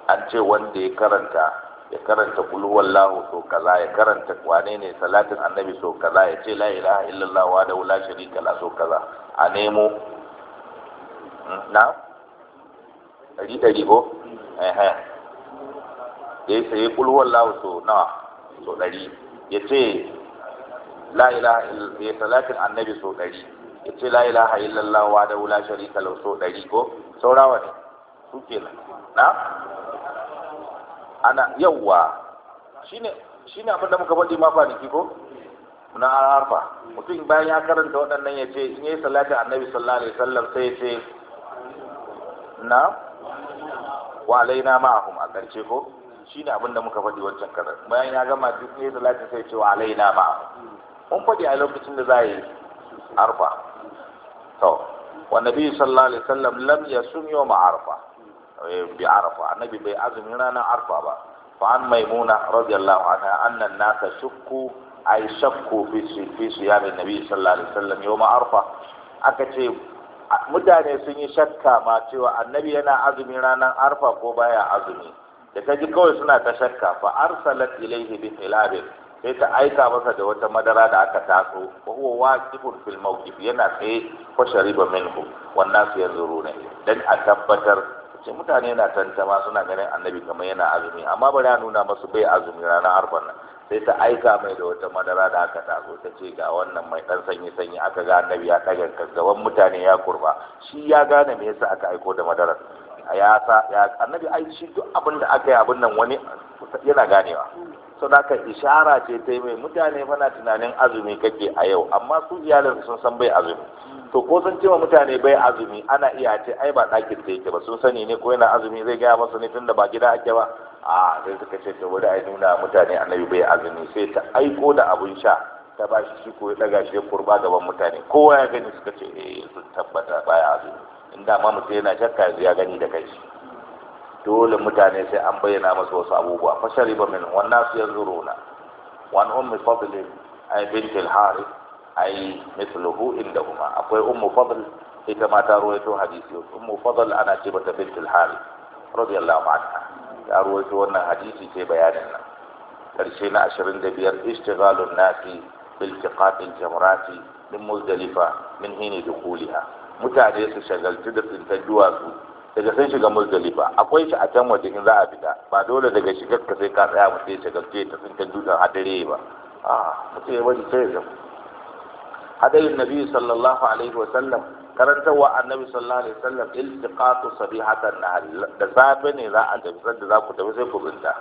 an ce wanda ya karanta ya karanta kulhuwallahu so kaza ya karanta wane ne salatin annabi so kaza ya ce la ilaha illallah wa da wula sharika la so kaza a nemo hmm, na ɗari ɗari ko ehe ya sayi kulhuwallahu so na so ɗari ya ce la ilaha ya salatin annabi so ɗari ya ce la ilaha illallah wa da wula sharika la so ɗari ko saurawa ne su nan, na ana yawwa Shi ne abin da muka faɗi ma kwanaki ko na arafa mutum bayan ya karanta waɗannan ya ce in yi salati annabi sallallahu alaihi wasallam sai ya ce na wa alaina ma'ahum a ƙarshe ko shine abin da muka faɗi wancan karar bayan ya gama duk ne salati sai ce wa alaina ma'ahum mun faɗi a lokacin da za a yi arfa to wa nabi sallallahu alaihi wasallam lam yasum yawma arfa Eh, bi arafa annabi bai azumin ranar arfa ba fa an maimuna radiyallahu anha annan nasa shukku ay shakku fi fi siyamin nabi sallallahu alaihi wasallam ma arfa aka ce mutane sun yi shakka ma cewa annabi yana azumin ranar arfa ko baya azumi da ta ji kawai suna ta shakka fa arsalat ilaihi bi hilabin sai ta aika masa da wata madara da aka taso wa huwa waqifun fil mawqif yana tsaye ko shariba minhu wannan su ne dan a tabbatar sai mutane na tantama suna ganin annabi kamar yana azumi amma bari a nuna masu bai azumi ranar harfan nan sai ta aika mai da wata madara da aka taso ta ce ga wannan mai dan sanyi sanyi aka ga annabi ya daga gaban mutane ya kurba shi ya gane me yasa aka aiko da madara ya sa annabi ai shi duk abin da aka yi abin nan wani yana ganewa sadaka ishara ce ta yi mai mutane fana tunanin azumi kake a yau amma su iyalinsu sun san bai azumi to ko sun cewa mutane bai azumi ana iya ce ai ba ɗakin da yake ba sun sani ne ko yana azumi zai gaya masu ne tunda ba gida ake ba a sai suka ce ta wuri ai nuna mutane annabi bai azumi sai ta aiko da abun sha ta ba shi shi ko ya daga shi kurba gaban mutane kowa ya gani suka ce eh sun tabbata baya azumi inda ma mutum yana shakka yanzu ya gani da kai dole mutane sai an bayyana masa wasu abubuwa fashari ba min wannan su yanzu rona wani ummi fadlin ai bintil hari ai misluhu inda kuma akwai ummu fadl ita ma ta ruwaito hadisi ummu fadl ana ce bata bintil hari radiyallahu anha ta ruwaito wannan hadisi sai bayanin nan karshe na 25 istighalun nasi bil biltiqatil jamrati min muzdalifa min hini dukuliha mutane su shagaltu da tsintar duwatsu daga sai shiga muzdalifa akwai shi a can waje in za a fita ba dole daga shigar ka sai ka tsaya sai ya ce ta kan dutsen hadare ba a mutum ya bari sai ya hadayin nabi sallallahu alaihi wasallam karantarwa annabi sallallahu alaihi wasallam iltiqatu sabihatan nahl da safe ne za a tafi sanda za ku tafi sai ku binta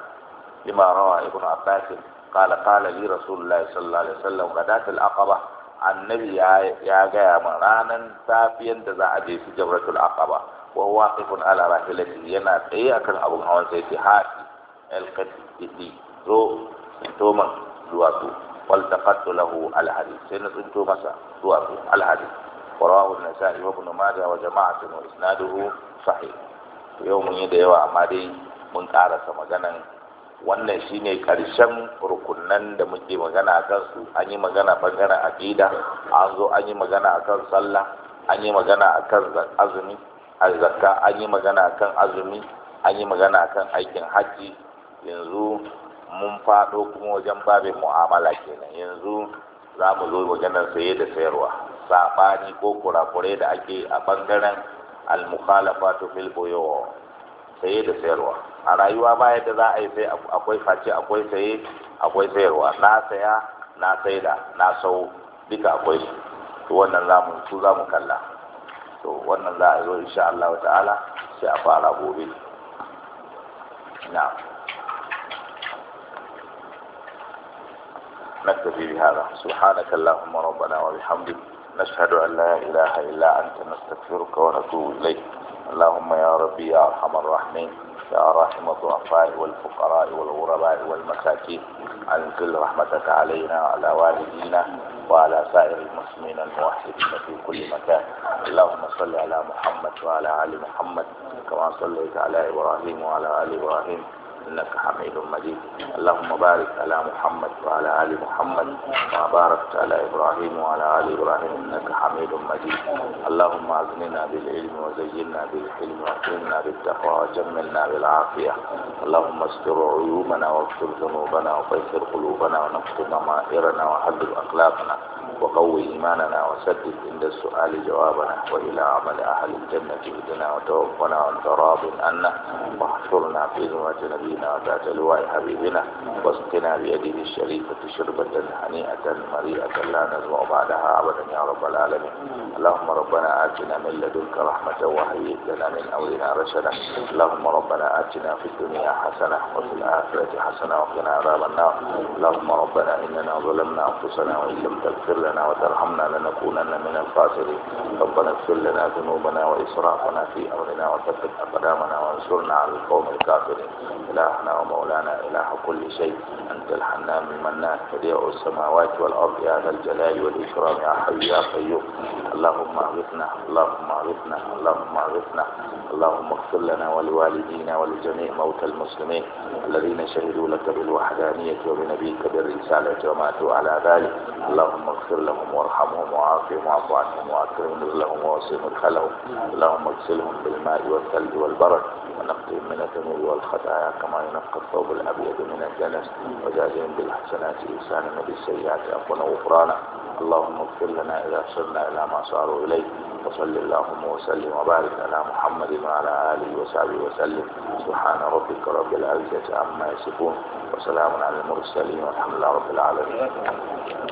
lima rawa ibn abbas qala qala li rasulullahi sallallahu alaihi sallam, gadat al-aqaba annabi ya gaya ma man ranan safiyan da za a je su jabratul aqaba wa waqifun ala rahilati yana tsaye akan abun hawan sai fi hadi alqadidi zo in zuwa su wal taqattu lahu al hadith sai na tsinto masa zuwa duwatsu al hadith ورواه النسائي وابن Yau mun yi da yawa, amma dai mun karasa maganan wannan shine karshen rukunan da muke magana a kansu an yi magana bangaren aqida an zo an yi magana a kan sallah an yi magana a kan azumi azzaka anyi an yi magana kan azumi an yi magana kan aikin hajji yanzu mun faɗo kuma wajen babin mu'amala kenan yanzu za mu zo maganar saye da sayarwa saɓani ko kurakurai da ake a ɓangaren al-mukhalafatu fil buyur saye da sayarwa a rayuwa ba yadda za a yi sai akwai face akwai saye akwai sayarwa na saya na saida na sau duka akwai su wannan su zamu kalla to wannan za a zo insha Allah ta'ala sai a fara gobe na'am نكتفي بهذا سبحانك اللهم ربنا وبحمدك نشهد أن لا إله إلا أنت نستغفرك ونتوب إليك اللهم يا ربي يا أرحم الراحمين رحمة الضعفاء والفقراء والغرباء والمساكين أنزل رحمتك علينا وعلى والدينا وعلى سائر المسلمين الموحدين في كل مكان اللهم صل على محمد وعلى آل محمد كما صليت على إبراهيم وعلى آل إبراهيم إنك حميد مجيد اللهم بارك على محمد وعلى آل محمد كما باركت على إبراهيم وعلى آل إبراهيم إنك حميد مجيد اللهم أغننا بالعلم وزينا بالحلم وأكرمنا بالتقوى وجملنا بالعافية اللهم استر عيوبنا واغفر ذنوبنا وطهر قلوبنا ونقض ضمائرنا وحدد أخلاقنا وقوي إيماننا وسدد عند السؤال جوابنا وإلى عمل أهل الجنة بدنا وتوفنا وأنت راض عنا واحشرنا في ذمة نبينا وذات لواء حبيبنا واسقنا بيده الشريفة شربة هنيئة مريئة لا نزوع بعدها أبدا يا رب العالمين اللهم ربنا آتنا من لدنك رحمة وهيئ لنا من أمرنا رشدا اللهم ربنا آتنا في الدنيا حسنة وفي الآخرة حسنة وقنا عذاب النار اللهم ربنا إننا ظلمنا أنفسنا وإن لم تغفر اغفر لنا وترحمنا لنكونن من الخاسرين ربنا اغفر لنا ذنوبنا وإسرافنا في أمرنا وثبت أقدامنا وانصرنا على القوم الكافرين إلهنا ومولانا إله كل شيء أنت الحنان المنان بديع السماوات والأرض يا ذا الجلال والإكرام يا حي يا قيوم اللهم أغثنا اللهم أغثنا اللهم أغثنا اللهم اغفر لنا ولوالدينا ولجميع موتى المسلمين الذين شهدوا لك بالوحدانية وبنبيك بالرسالة وماتوا على ذلك اللهم اغفر واغفر لهم وارحمهم وعافهم واعف عنهم واكرم نزلهم ووسع مدخلهم اللهم اغسلهم بالماء والثلج والبرد ونقهم من الذنوب والخطايا كما ينقى الثوب الابيض من الدنس وجازهم بالحسنات انسانا وبالسيئات عفوا وغفرانا اللهم اغفر لنا اذا صرنا الى ما صاروا اليه وصل اللهم وسلم وبارك على محمد وعلى اله وصحبه وسلم سبحان ربك رب العزه عما يصفون وسلام على المرسلين والحمد لله رب العالمين